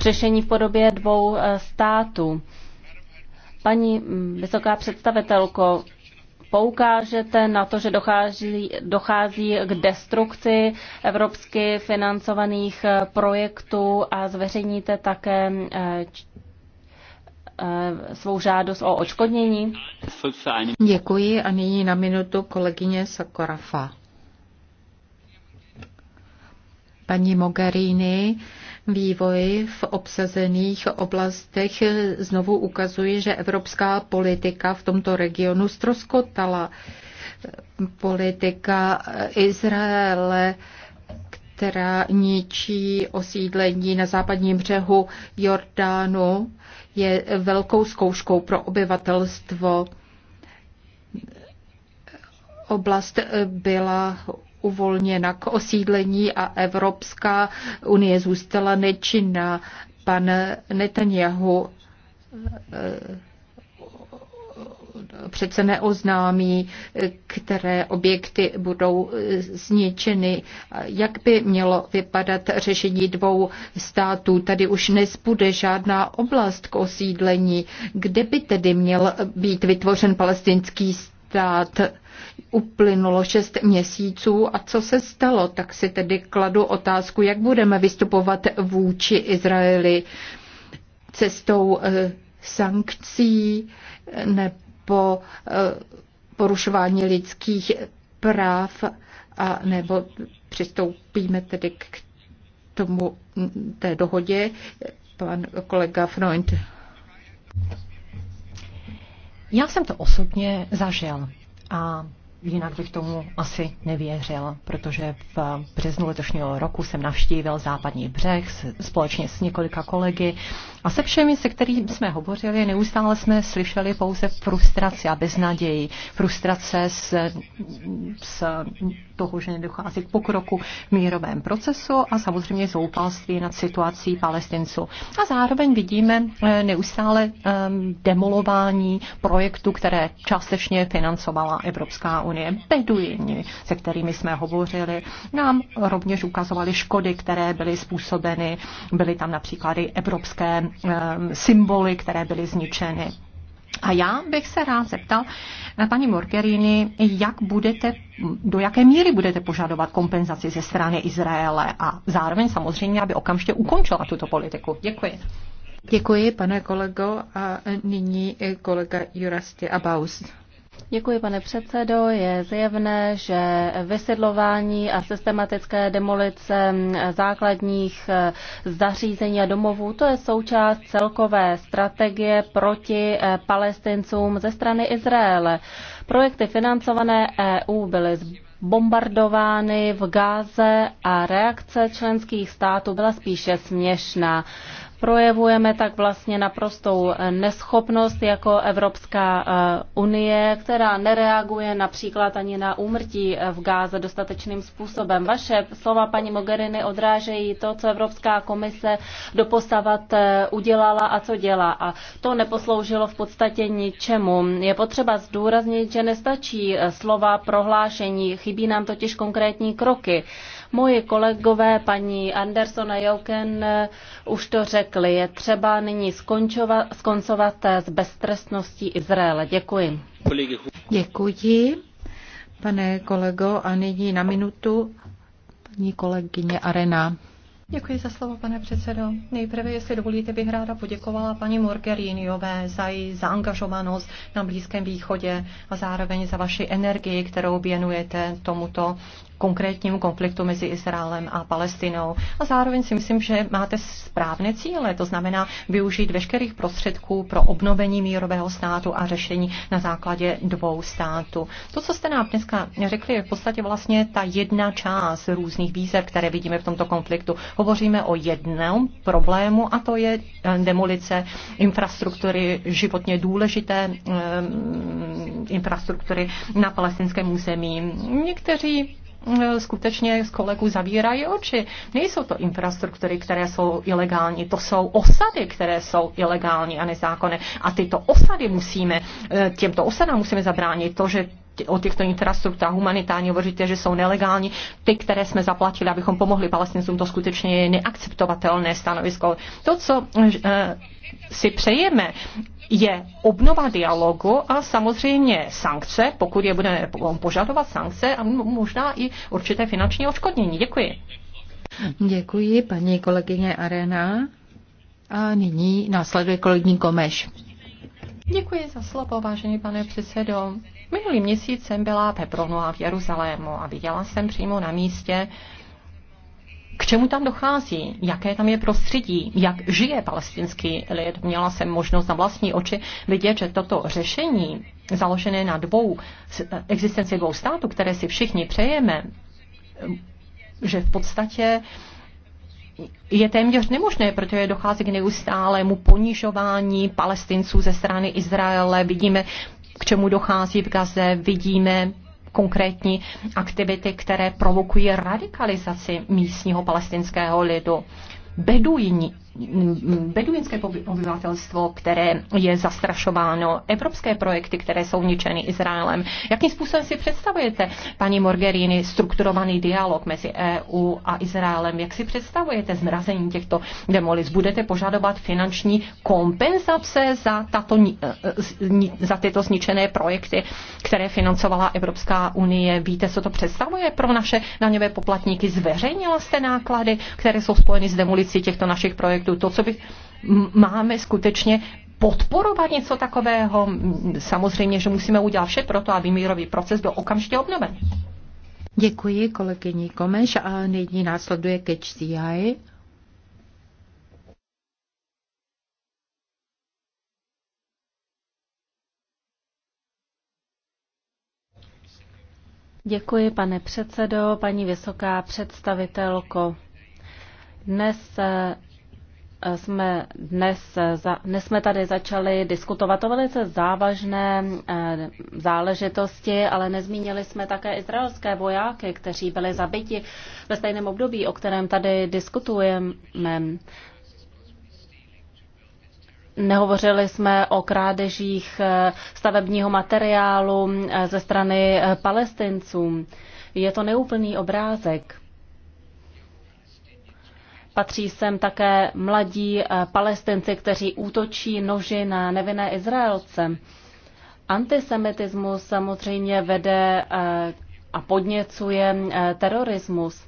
řešení v podobě dvou států. Paní mm, vysoká představitelko, poukážete na to, že dochází, dochází k destrukci evropsky financovaných eh, projektů a zveřejníte také eh, eh, svou žádost o očkodnění? Děkuji a nyní na minutu kolegyně Sakorafa. Paní Mogherini, vývoj v obsazených oblastech znovu ukazuje, že evropská politika v tomto regionu stroskotala. Politika Izraele, která ničí osídlení na západním břehu Jordánu, je velkou zkouškou pro obyvatelstvo. Oblast byla uvolněna k osídlení a Evropská unie zůstala nečinná. Pan Netanyahu eh, přece neoznámí, které objekty budou zničeny. Jak by mělo vypadat řešení dvou států? Tady už nespůjde žádná oblast k osídlení. Kde by tedy měl být vytvořen palestinský stát? mandát. Uplynulo šest měsíců a co se stalo? Tak si tedy kladu otázku, jak budeme vystupovat vůči Izraeli cestou eh, sankcí nebo eh, porušování lidských práv a nebo přistoupíme tedy k tomu té dohodě. Pan kolega Freund. Já jsem to osobně zažil a jinak bych tomu asi nevěřil, protože v březnu letošního roku jsem navštívil západní břeh společně s několika kolegy a se všemi, se kterými jsme hovořili, neustále jsme slyšeli pouze frustraci a beznaději. Frustrace z, z toho, že nedochází k pokroku v mírovém procesu a samozřejmě zoupalství nad situací palestinců. A zároveň vidíme eh, neustále eh, demolování projektu, které částečně financovala Evropská unie unie, beduini, se kterými jsme hovořili, nám rovněž ukazovali škody, které byly způsobeny. Byly tam například i evropské ehm, symboly, které byly zničeny. A já bych se rád zeptal eh, paní Morgerini, jak budete, do jaké míry budete požadovat kompenzaci ze strany Izraele a zároveň samozřejmě, aby okamžitě ukončila tuto politiku. Děkuji. Děkuji, pane kolego. A nyní kolega Jurasti Abaus. Děkuji, pane předsedo. Je zjevné, že vysedlování a systematické demolice základních zařízení a domovů, to je součást celkové strategie proti eh, palestincům ze strany Izraele. Projekty financované EU byly bombardovány v Gáze a reakce členských států byla spíše směšná projevujeme tak vlastně naprostou neschopnost jako Evropská eh, unie, která nereaguje například ani na úmrtí v Gáze dostatečným způsobem. Vaše slova, paní Mogherini, odrážejí to, co Evropská komise doposavat eh, udělala a co dělá. A to neposloužilo v podstatě ničemu. Je potřeba zdůraznit, že nestačí eh, slova prohlášení, chybí nám totiž konkrétní kroky. Moji kolegové, paní Anderson a Jouken, eh, už to řekli. Je třeba nyní skončovat, skoncovat eh, s beztrestností Izraele. Děkuji. Děkuji, pane kolego. A nyní na minutu paní kolegyně Arena. Děkuji za slovo, pane předsedo. Nejprve, jestli dovolíte, bych ráda poděkovala paní Morgeriniové za její zaangažovanost na Blízkém východě a zároveň za vaši energii, kterou věnujete tomuto konkrétnímu konfliktu mezi Izraelem a Palestinou. A zároveň si myslím, že máte správné cíle, to znamená využít veškerých prostředků pro obnovení mírového státu a řešení na základě dvou států. To, co jste nám dneska řekli, je v podstatě vlastně ta jedna část různých výzev, které vidíme v tomto konfliktu. Hovoříme o jednom problému a to je eh, demolice infrastruktury životně důležité eh, infrastruktury na palestinském území. Někteří Eh, skutečně z kolegů zavírají oči. Nejsou to infrastruktury, které jsou ilegální, to jsou osady, které jsou ilegální a nezákonné. A tyto osady musíme, eh, těmto osadám musíme zabránit to, že o těchto infrastrukturách humanitárně hovoříte, že jsou nelegální. Ty, které jsme zaplatili, abychom pomohli palestincům, to skutečně je neakceptovatelné stanovisko. To, co eh, si přejeme, je obnova dialogu a samozřejmě sankce, pokud je budeme požadovat sankce a možná i určité finanční odškodnění. Děkuji. Děkuji, paní kolegyně Arena. A nyní následuje kolegyní Komeš. Děkuji za slovo, vážený pane předsedo. Minulý měsíc jsem byla ve a v Jeruzalému a viděla jsem přímo na místě, k čemu tam dochází, jaké tam je prostředí, jak žije palestinský lid. Měla jsem možnost na vlastní oči vidět, že toto řešení založené na dvou existenci dvou států, které si všichni přejeme, že v podstatě je téměř nemožné, protože dochází k neustálému ponižování palestinců ze strany Izraele. Vidíme, k čemu dochází v Gaze, vidíme konkrétní aktivity, které provokují radikalizaci místního palestinského lidu. Beduini, beduinské obyvatelstvo, které je zastrašováno, evropské projekty, které jsou ničeny Izraelem. Jakým způsobem si představujete, paní Morgerini, strukturovaný dialog mezi EU a Izraelem? Jak si představujete zmrazení těchto demolic? Budete požadovat finanční kompenzace za, tato, e, e, za tyto zničené projekty, které financovala Evropská unie? Víte, co to představuje pro naše daňové poplatníky? Zveřejnila jste náklady, které jsou spojeny s demolicí těchto našich projektů? projektu. To, co by máme skutečně podporovat něco takového, samozřejmě, že musíme udělat vše pro to, aby mírový proces byl okamžitě obnoven. Děkuji kolegyni Komeš a nyní následuje Catch the Eye. Děkuji, pane předsedo, paní vysoká představitelko. Dnes eh, jsme dnes, dnes jsme tady začali diskutovat o velice závažné eh, záležitosti, ale nezmínili jsme také izraelské vojáky, kteří byli zabiti ve stejném období, o kterém tady diskutujeme. Nehovořili jsme o krádežích eh, stavebního materiálu eh, ze strany palestinců. Je to neúplný obrázek. Patří sem také mladí eh, palestinci, kteří útočí noži na nevinné Izraelce. Antisemitismus samozřejmě vede eh, a podněcuje eh, terorismus.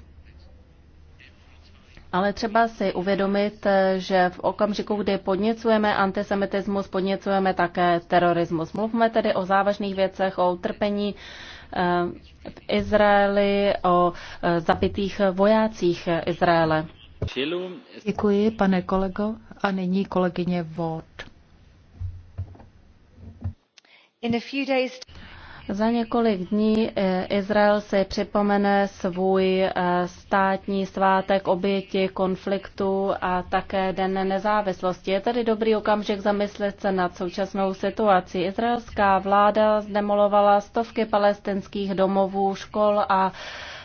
Ale třeba si uvědomit, že v okamžiku, kdy podněcujeme antisemitismus, podněcujeme také terorismus. Mluvme tedy o závažných věcech, o utrpení v Izraeli, o zabitých vojácích Izraele. Děkuji, pane kolego. A nyní kolegyně Vod. Za několik dní eh, Izrael si připomene svůj eh, státní svátek oběti konfliktu a také Den nezávislosti. Je tady dobrý okamžik zamyslet se nad současnou situací. Izraelská vláda zdemolovala stovky palestinských domovů, škol a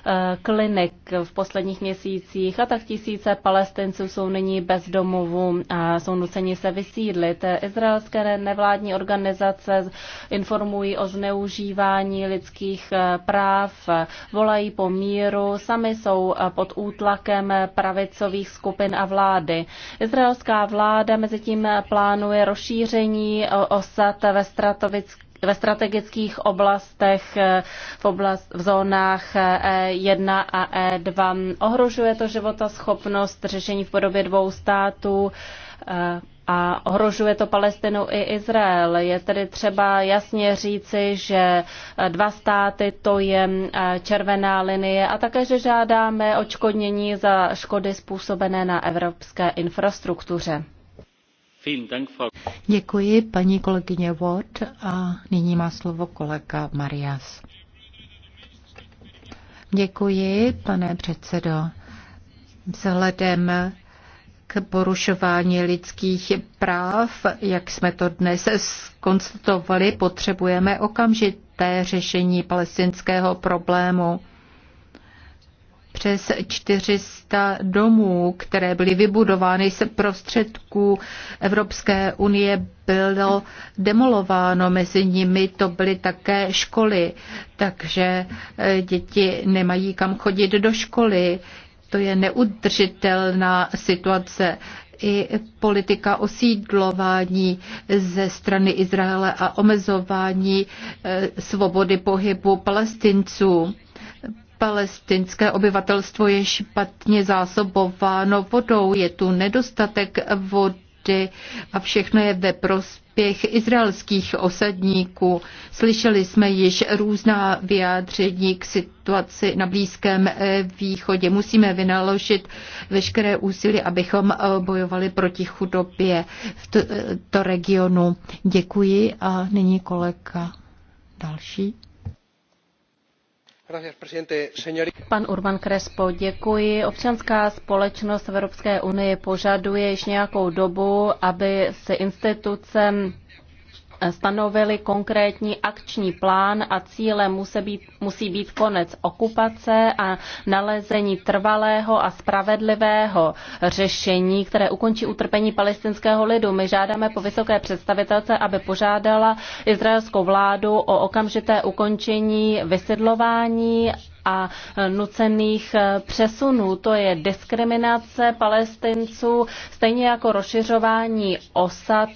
Eh, klinik v posledních měsících a tak tisíce palestinců jsou nyní bez domovu a jsou nuceni se vysídlit. Izraelské nevládní organizace informují o zneužívání lidských eh, práv, volají po míru, sami jsou eh, pod útlakem pravicových skupin a vlády. Izraelská vláda mezi tím plánuje rozšíření osad ve Stratovické ve strategických oblastech, eh, v, oblast, v zónách E1 eh, e a E2. Ohrožuje to života schopnost řešení v podobě dvou států eh, a ohrožuje to Palestinu i Izrael. Je tedy třeba jasně říci, že dva státy to je červená linie a také, že žádáme očkodnění za škody způsobené na evropské infrastruktuře. Děkuji paní kolegyně Ward a nyní má slovo kolega Marias. Děkuji, pane předsedo. Vzhledem k porušování lidských práv, jak jsme to dnes konstatovali, potřebujeme okamžité řešení palestinského problému přes 400 domů, které byly vybudovány z prostředků Evropské unie, bylo demolováno. Mezi nimi to byly také školy, takže eh, děti nemají kam chodit do školy. To je neudržitelná situace i politika osídlování ze strany Izraele a omezování eh, svobody pohybu palestinců. Palestinské obyvatelstvo je špatně zásobováno vodou, je tu nedostatek vody a všechno je ve prospěch izraelských osadníků. Slyšeli jsme již různá vyjádření k situaci na Blízkém eh, východě. Musíme vynaložit veškeré úsilí, abychom eh, bojovali proti chudobě v to, eh, to regionu. Děkuji a nyní kolega další. Pan Urban Crespo, děkuji. Občanská společnost v Evropské unii požaduje již nějakou dobu, aby se instituce stanovili konkrétní akční plán a cílem musí být, musí být konec okupace a nalezení trvalého a spravedlivého řešení, které ukončí utrpení palestinského lidu. My žádáme po vysoké představitelce, aby požádala izraelskou vládu o okamžité ukončení vysedlování a nucených přesunů. To je diskriminace palestinců, stejně jako rozšiřování osad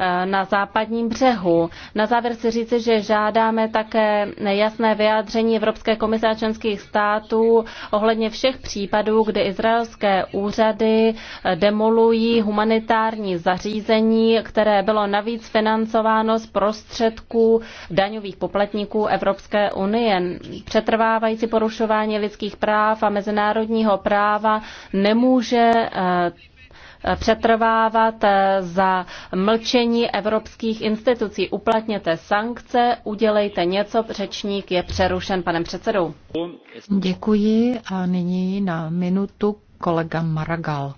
Eh, na západním břehu. Na závěr si říci, že žádáme také jasné vyjádření Evropské komise a členských států ohledně všech případů, kdy izraelské úřady eh, demolují humanitární zařízení, které bylo navíc financováno z prostředků daňových poplatníků Evropské unie. Přetrvávající porušování lidských práv a mezinárodního práva nemůže eh, přetrvávat eh, za mlčení evropských institucí. Uplatněte sankce, udělejte něco, řečník je přerušen panem předsedou. Děkuji a nyní na minutu kolega Maragal.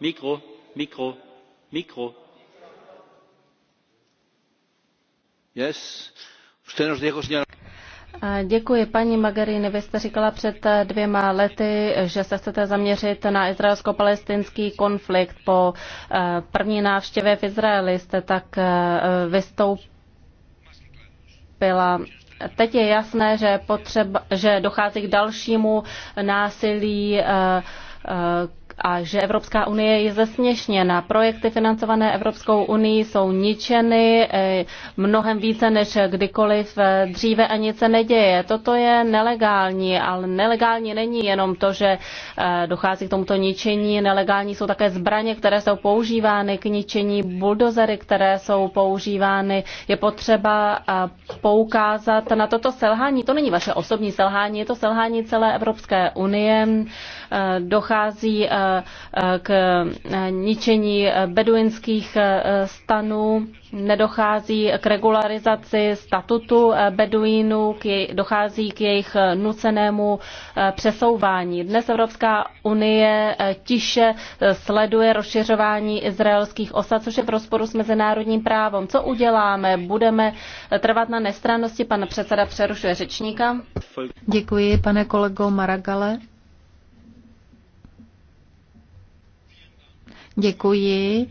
Mikro, mikro, mikro. Yes. Děkuji, paní Magarini. Vy jste říkala před eh, dvěma lety, že se chcete zaměřit na izraelsko-palestinský konflikt. Po eh, první návštěvě v Izraeli jste tak eh, vystoupila Teď je jasné, že, potřeba, že dochází k dalšímu násilí, a že Evropská unie je zesměšněna. Projekty financované Evropskou unii jsou ničeny e, mnohem více než kdykoliv e, dříve a nic se neděje. Toto je nelegální, ale nelegální není jenom to, že e, dochází k tomuto ničení. Nelegální jsou také zbraně, které jsou používány k ničení, buldozery, které jsou používány. Je potřeba poukázat na toto selhání. To není vaše osobní selhání, je to selhání celé Evropské unie. Dochází k ničení beduinských stanů, nedochází k regularizaci statutu beduínů, dochází k jejich nucenému přesouvání. Dnes Evropská unie tiše sleduje rozšiřování izraelských osad, což je v rozporu s mezinárodním právem. Co uděláme? Budeme trvat na nestrannosti? Pan předseda přerušuje řečníka. Děkuji, pane kolego Maragale. Děkuji.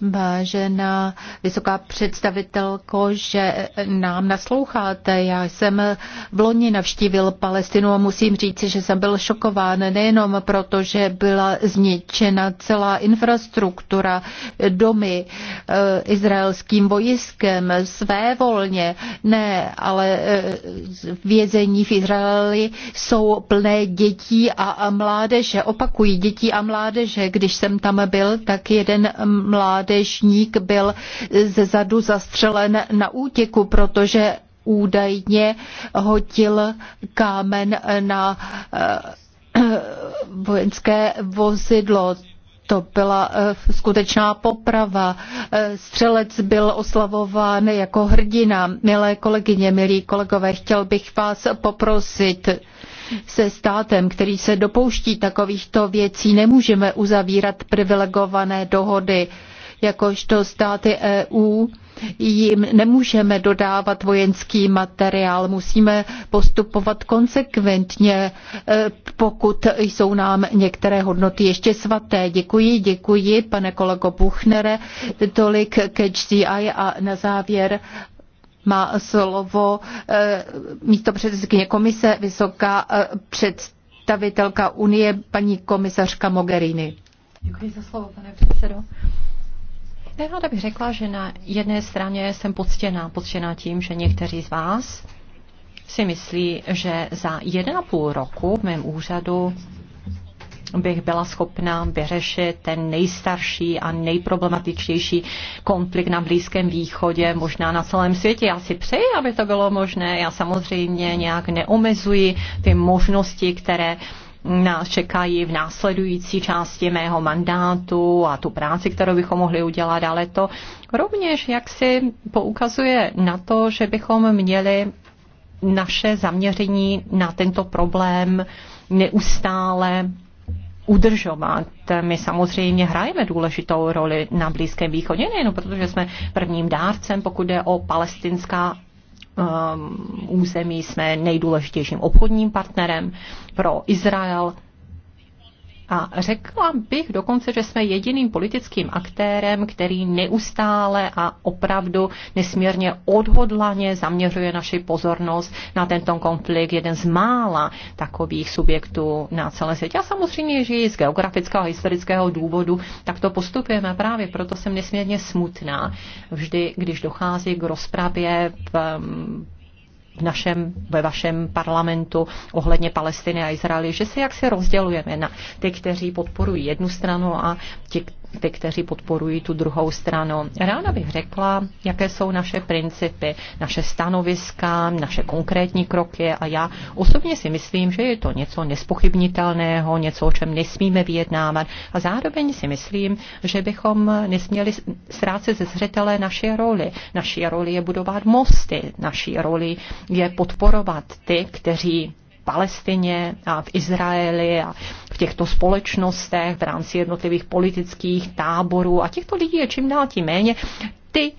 Vážená vysoká představitelko, že nám nasloucháte. Já jsem v loni navštívil Palestinu a musím říct, že jsem byl šokován nejenom proto, že byla zničena celá infrastruktura, domy eh, izraelským vojskem své volně. Ne, ale eh, vězení v Izraeli jsou plné dětí a mládeže. Opakují dětí a mládeže. Když jsem tam byl, tak jeden mládež mládežník byl zezadu zastřelen na útěku, protože údajně hodil kámen na eh, vojenské vozidlo. To byla eh, skutečná poprava. Eh, střelec byl oslavován jako hrdina. Milé kolegyně, milí kolegové, chtěl bych vás poprosit se státem, který se dopouští takovýchto věcí, nemůžeme uzavírat privilegované dohody jakožto státy EU jim nemůžeme dodávat vojenský materiál, musíme postupovat konsekventně, e, pokud jsou nám některé hodnoty ještě svaté. Děkuji, děkuji, pane kolego Buchnere, tolik ke GCI a na závěr má slovo e, místo předsedkyně komise, vysoká e, představitelka Unie, paní komisařka Mogherini. Děkuji za slovo, pane předsedo. Nerada bych řekla, že na jedné straně jsem poctěná, poctěná tím, že někteří z vás si myslí, že za jeden a půl roku v mém úřadu bych byla schopná vyřešit ten nejstarší a nejproblematičtější konflikt na Blízkém východě, možná na celém světě. Já si přeji, aby to bylo možné. Já samozřejmě nějak neomezuji ty možnosti, které uh, nás čekají v následující části mého mandátu a tu práci, kterou bychom mohli udělat, ale to rovněž jak si poukazuje na to, že bychom měli naše zaměření na tento problém neustále udržovat. My samozřejmě hrajeme důležitou roli na Blízkém východě, nejen protože jsme prvním dárcem, pokud jde o palestinská um, území, jsme nejdůležitějším obchodním partnerem pro Izrael, a řekla bych dokonce, že jsme jediným politickým aktérem, který neustále a opravdu nesmírně odhodlaně zaměřuje naši pozornost na tento konflikt, jeden z mála takových subjektů na celé světě. A samozřejmě, že i z geografického a historického důvodu tak to postupujeme. Právě proto jsem nesmírně smutná vždy, když dochází k rozpravě v v našem, ve vašem parlamentu ohledně Palestiny a Izraeli, že se jaksi rozdělujeme na ty, kteří podporují jednu stranu a ti, ty, kteří podporují tu druhou stranu. Ráda bych řekla, jaké jsou naše principy, naše stanoviska, naše konkrétní kroky a já osobně si myslím, že je to něco nespochybnitelného, něco, o čem nesmíme vyjednávat a zároveň si myslím, že bychom nesměli ztrácet ze zřetele naše roli. Naší roli je budovat mosty, naší roli je podporovat ty, kteří Palestině a v Izraeli a těchto společnostech, v rámci jednotlivých politických táborů a těchto lidí je čím dál tím méně. Ty,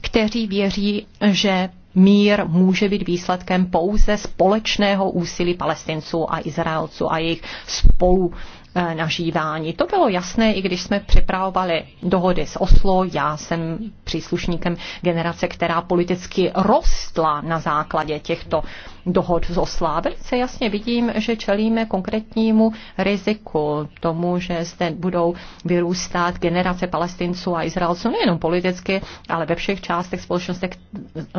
kteří věří, že mír může být výsledkem pouze společného úsilí palestinců a Izraelců a jejich spolu eh, nažívání. To bylo jasné, i když jsme připravovali dohody s Oslo. Já jsem příslušníkem generace, která politicky rostla na základě těchto uh, dohod z Osla. Velice jasně vidím, že čelíme konkrétnímu riziku tomu, že zde budou vyrůstat generace palestinců a Izraelců nejenom politicky, ale ve všech částech společnosti,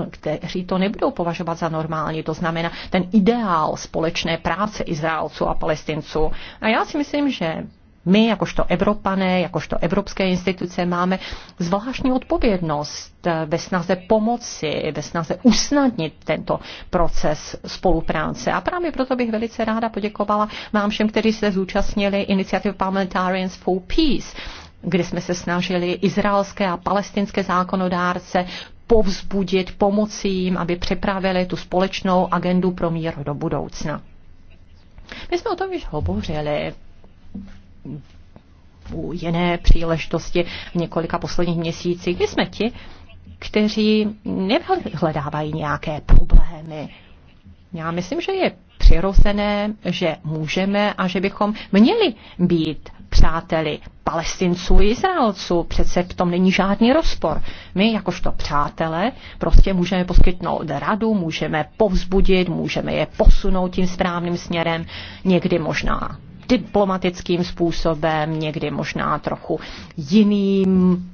kteří to nebudou považovat za normální. To znamená ten ideál společné práce Izraelců a palestinců. A já si myslím, že my, jakožto Evropané, jakožto evropské instituce, máme zvláštní odpovědnost eh, ve snaze pomoci, ve snaze usnadnit tento proces spolupráce. A právě proto bych velice ráda poděkovala vám všem, kteří se zúčastnili iniciativy Parliamentarians for Peace, kde jsme se snažili izraelské a palestinské zákonodárce povzbudit, pomoci jim, aby připravili tu společnou agendu pro mír do budoucna. My jsme o tom již hovořili u jiné příležitosti v několika posledních měsících. My jsme ti, kteří nevyhledávají nějaké problémy. Já myslím, že je přirozené, že můžeme a že bychom měli být přáteli palestinců i Izraelců. Přece v tom není žádný rozpor. My, jakožto přátelé, prostě můžeme poskytnout radu, můžeme povzbudit, můžeme je posunout tím správným směrem, někdy možná diplomatickým způsobem, někdy možná trochu jiným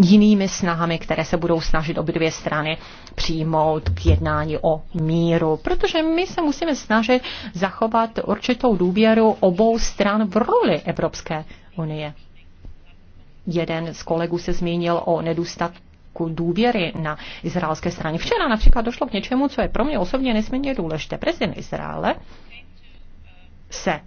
jinými snahami, které se budou snažit obě dvě strany přijmout k jednání o míru. Protože my se musíme snažit zachovat určitou důvěru obou stran v roli Evropské unie. Jeden z kolegů se zmínil o nedostatku důvěry na izraelské straně. Včera například došlo k něčemu, co je pro mě osobně nesmírně důležité. Prezident Izraele se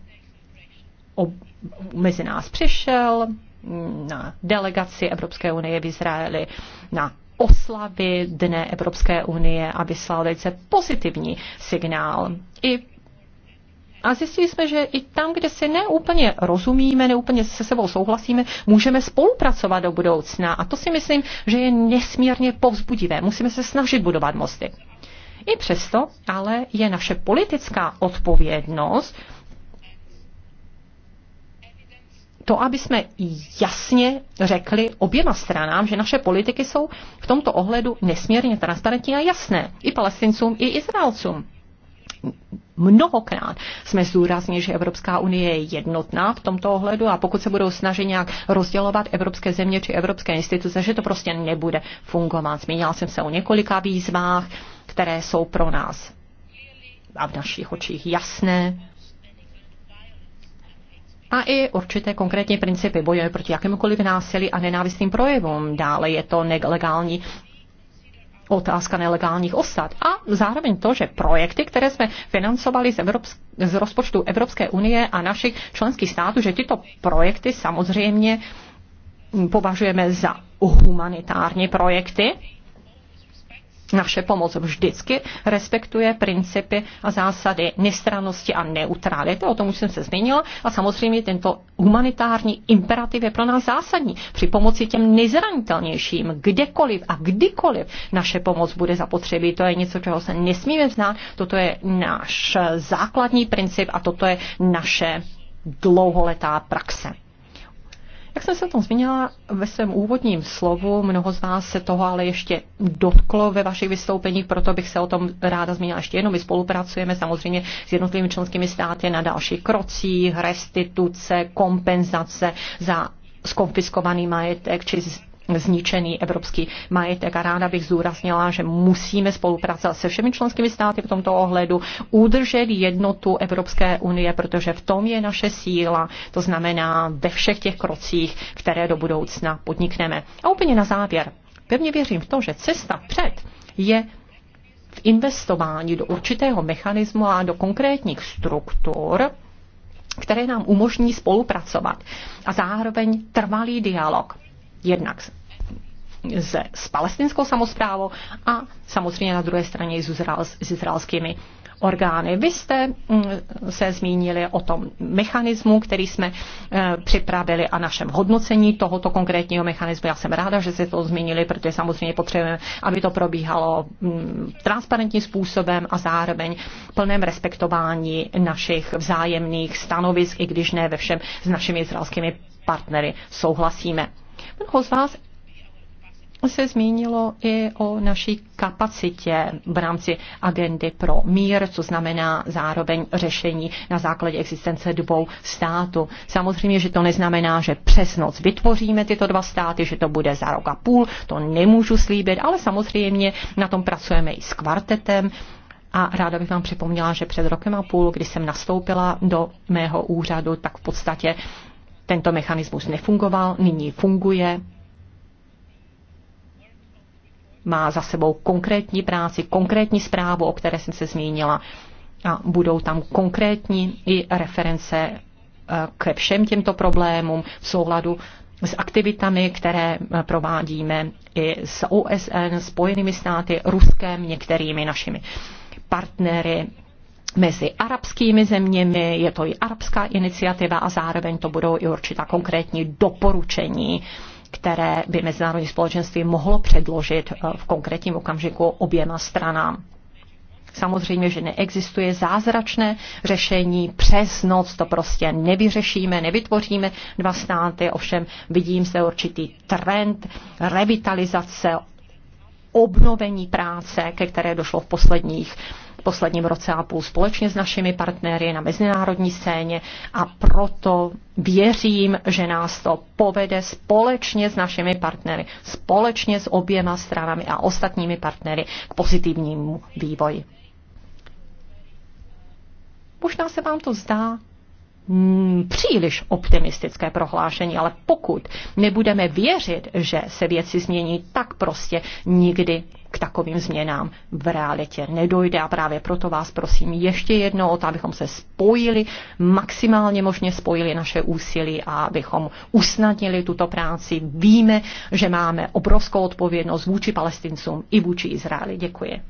mezi nás přišel mm, na delegaci Evropské unie v Izraeli, na oslavy Dne Evropské unie a vyslal velice pozitivní signál. I a zjistili jsme, že i tam, kde si neúplně rozumíme, neúplně se sebou souhlasíme, můžeme spolupracovat do budoucna. A to si myslím, že je nesmírně povzbudivé. Musíme se snažit budovat mosty. I přesto ale je naše politická odpovědnost to, aby jsme jasně řekli oběma stranám, že naše politiky jsou v tomto ohledu nesmírně transparentní a jasné. I palestincům, i Izraelcům. Mnohokrát jsme zdůraznili, že Evropská unie je jednotná v tomto ohledu a pokud se budou snažit nějak rozdělovat evropské země či evropské instituce, že to prostě nebude fungovat. Zmínila jsem se o několika výzvách, které jsou pro nás a v našich očích jasné a i určité konkrétní principy boje proti jakémukoliv násilí a nenávistným projevům. Dále je to nelegální otázka nelegálních osad a zároveň to, že projekty, které jsme financovali z, Evropsk- z rozpočtu Evropské unie a našich členských států, že tyto projekty samozřejmě považujeme za humanitární projekty, naše pomoc vždycky respektuje principy a zásady nestranosti a neutrality, o tom už jsem se zmínila, a samozřejmě tento humanitární imperativ je pro nás zásadní. Při pomoci těm nejzranitelnějším, kdekoliv a kdykoliv naše pomoc bude zapotřebí, to je něco, čeho se nesmíme vzdát, toto je náš základní princip a toto je naše dlouholetá praxe. Jak jsem se o tom zmínila ve svém úvodním slovu, mnoho z vás se toho ale ještě dotklo ve vašich vystoupeních, proto bych se o tom ráda zmínila ještě jenom. My spolupracujeme samozřejmě s jednotlivými členskými státy na dalších krocích, restituce, kompenzace za skonfiskovaný majetek či zničený evropský majetek. A ráda bych zúraznila, že musíme spolupracovat se všemi členskými státy v tomto ohledu, udržet jednotu Evropské unie, protože v tom je naše síla, to znamená ve všech těch krocích, které do budoucna podnikneme. A úplně na závěr. Pevně věřím v to, že cesta před je v investování do určitého mechanismu a do konkrétních struktur, které nám umožní spolupracovat a zároveň trvalý dialog jednak z, s palestinskou samozprávou a samozřejmě na druhé straně i s, Izrael, s izraelskými orgány. Vy jste mm, se zmínili o tom mechanismu, který jsme e, připravili a našem hodnocení tohoto konkrétního mechanismu. Já jsem ráda, že jste to zmínili, protože samozřejmě potřebujeme, aby to probíhalo mm, transparentním způsobem a zároveň plném respektování našich vzájemných stanovisk, i když ne ve všem s našimi izraelskými partnery souhlasíme. Mnoho z vás se zmínilo i o naší kapacitě v rámci agendy pro mír, co znamená zároveň řešení na základě existence dvou států. Samozřejmě, že to neznamená, že přes noc vytvoříme tyto dva státy, že to bude za rok a půl, to nemůžu slíbit, ale samozřejmě na tom pracujeme i s kvartetem, a ráda bych vám připomněla, že před rokem a půl, kdy jsem nastoupila do mého úřadu, tak v podstatě tento mechanismus nefungoval, nyní funguje má za sebou konkrétní práci, konkrétní zprávu, o které jsem se zmínila. A budou tam konkrétní i reference eh, ke všem těmto problémům v souladu s aktivitami, které eh, provádíme i s OSN, Spojenými státy, Ruskem, některými našimi partnery mezi arabskými zeměmi, je to i arabská iniciativa a zároveň to budou i určitá konkrétní doporučení které by mezinárodní společenství mohlo předložit eh, v konkrétním okamžiku oběma stranám. Samozřejmě, že neexistuje zázračné řešení přes noc, to prostě nevyřešíme, nevytvoříme dva státy, ovšem vidím se určitý trend revitalizace obnovení práce, ke které došlo v posledních posledním roce a půl společně s našimi partnery na mezinárodní scéně a proto věřím, že nás to povede společně s našimi partnery, společně s oběma stranami a ostatními partnery k pozitivnímu vývoji. Možná se vám to zdá mm, příliš optimistické prohlášení, ale pokud nebudeme věřit, že se věci změní, tak prostě nikdy k takovým změnám v realitě nedojde a právě proto vás prosím ještě jednou o to, abychom se spojili, maximálně možně spojili naše úsilí a abychom usnadnili tuto práci. Víme, že máme obrovskou odpovědnost vůči palestincům i vůči Izraeli. Děkuji.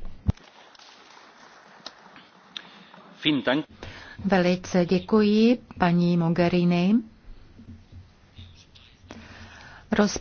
Velice děkuji paní Mogherini. Rozpr-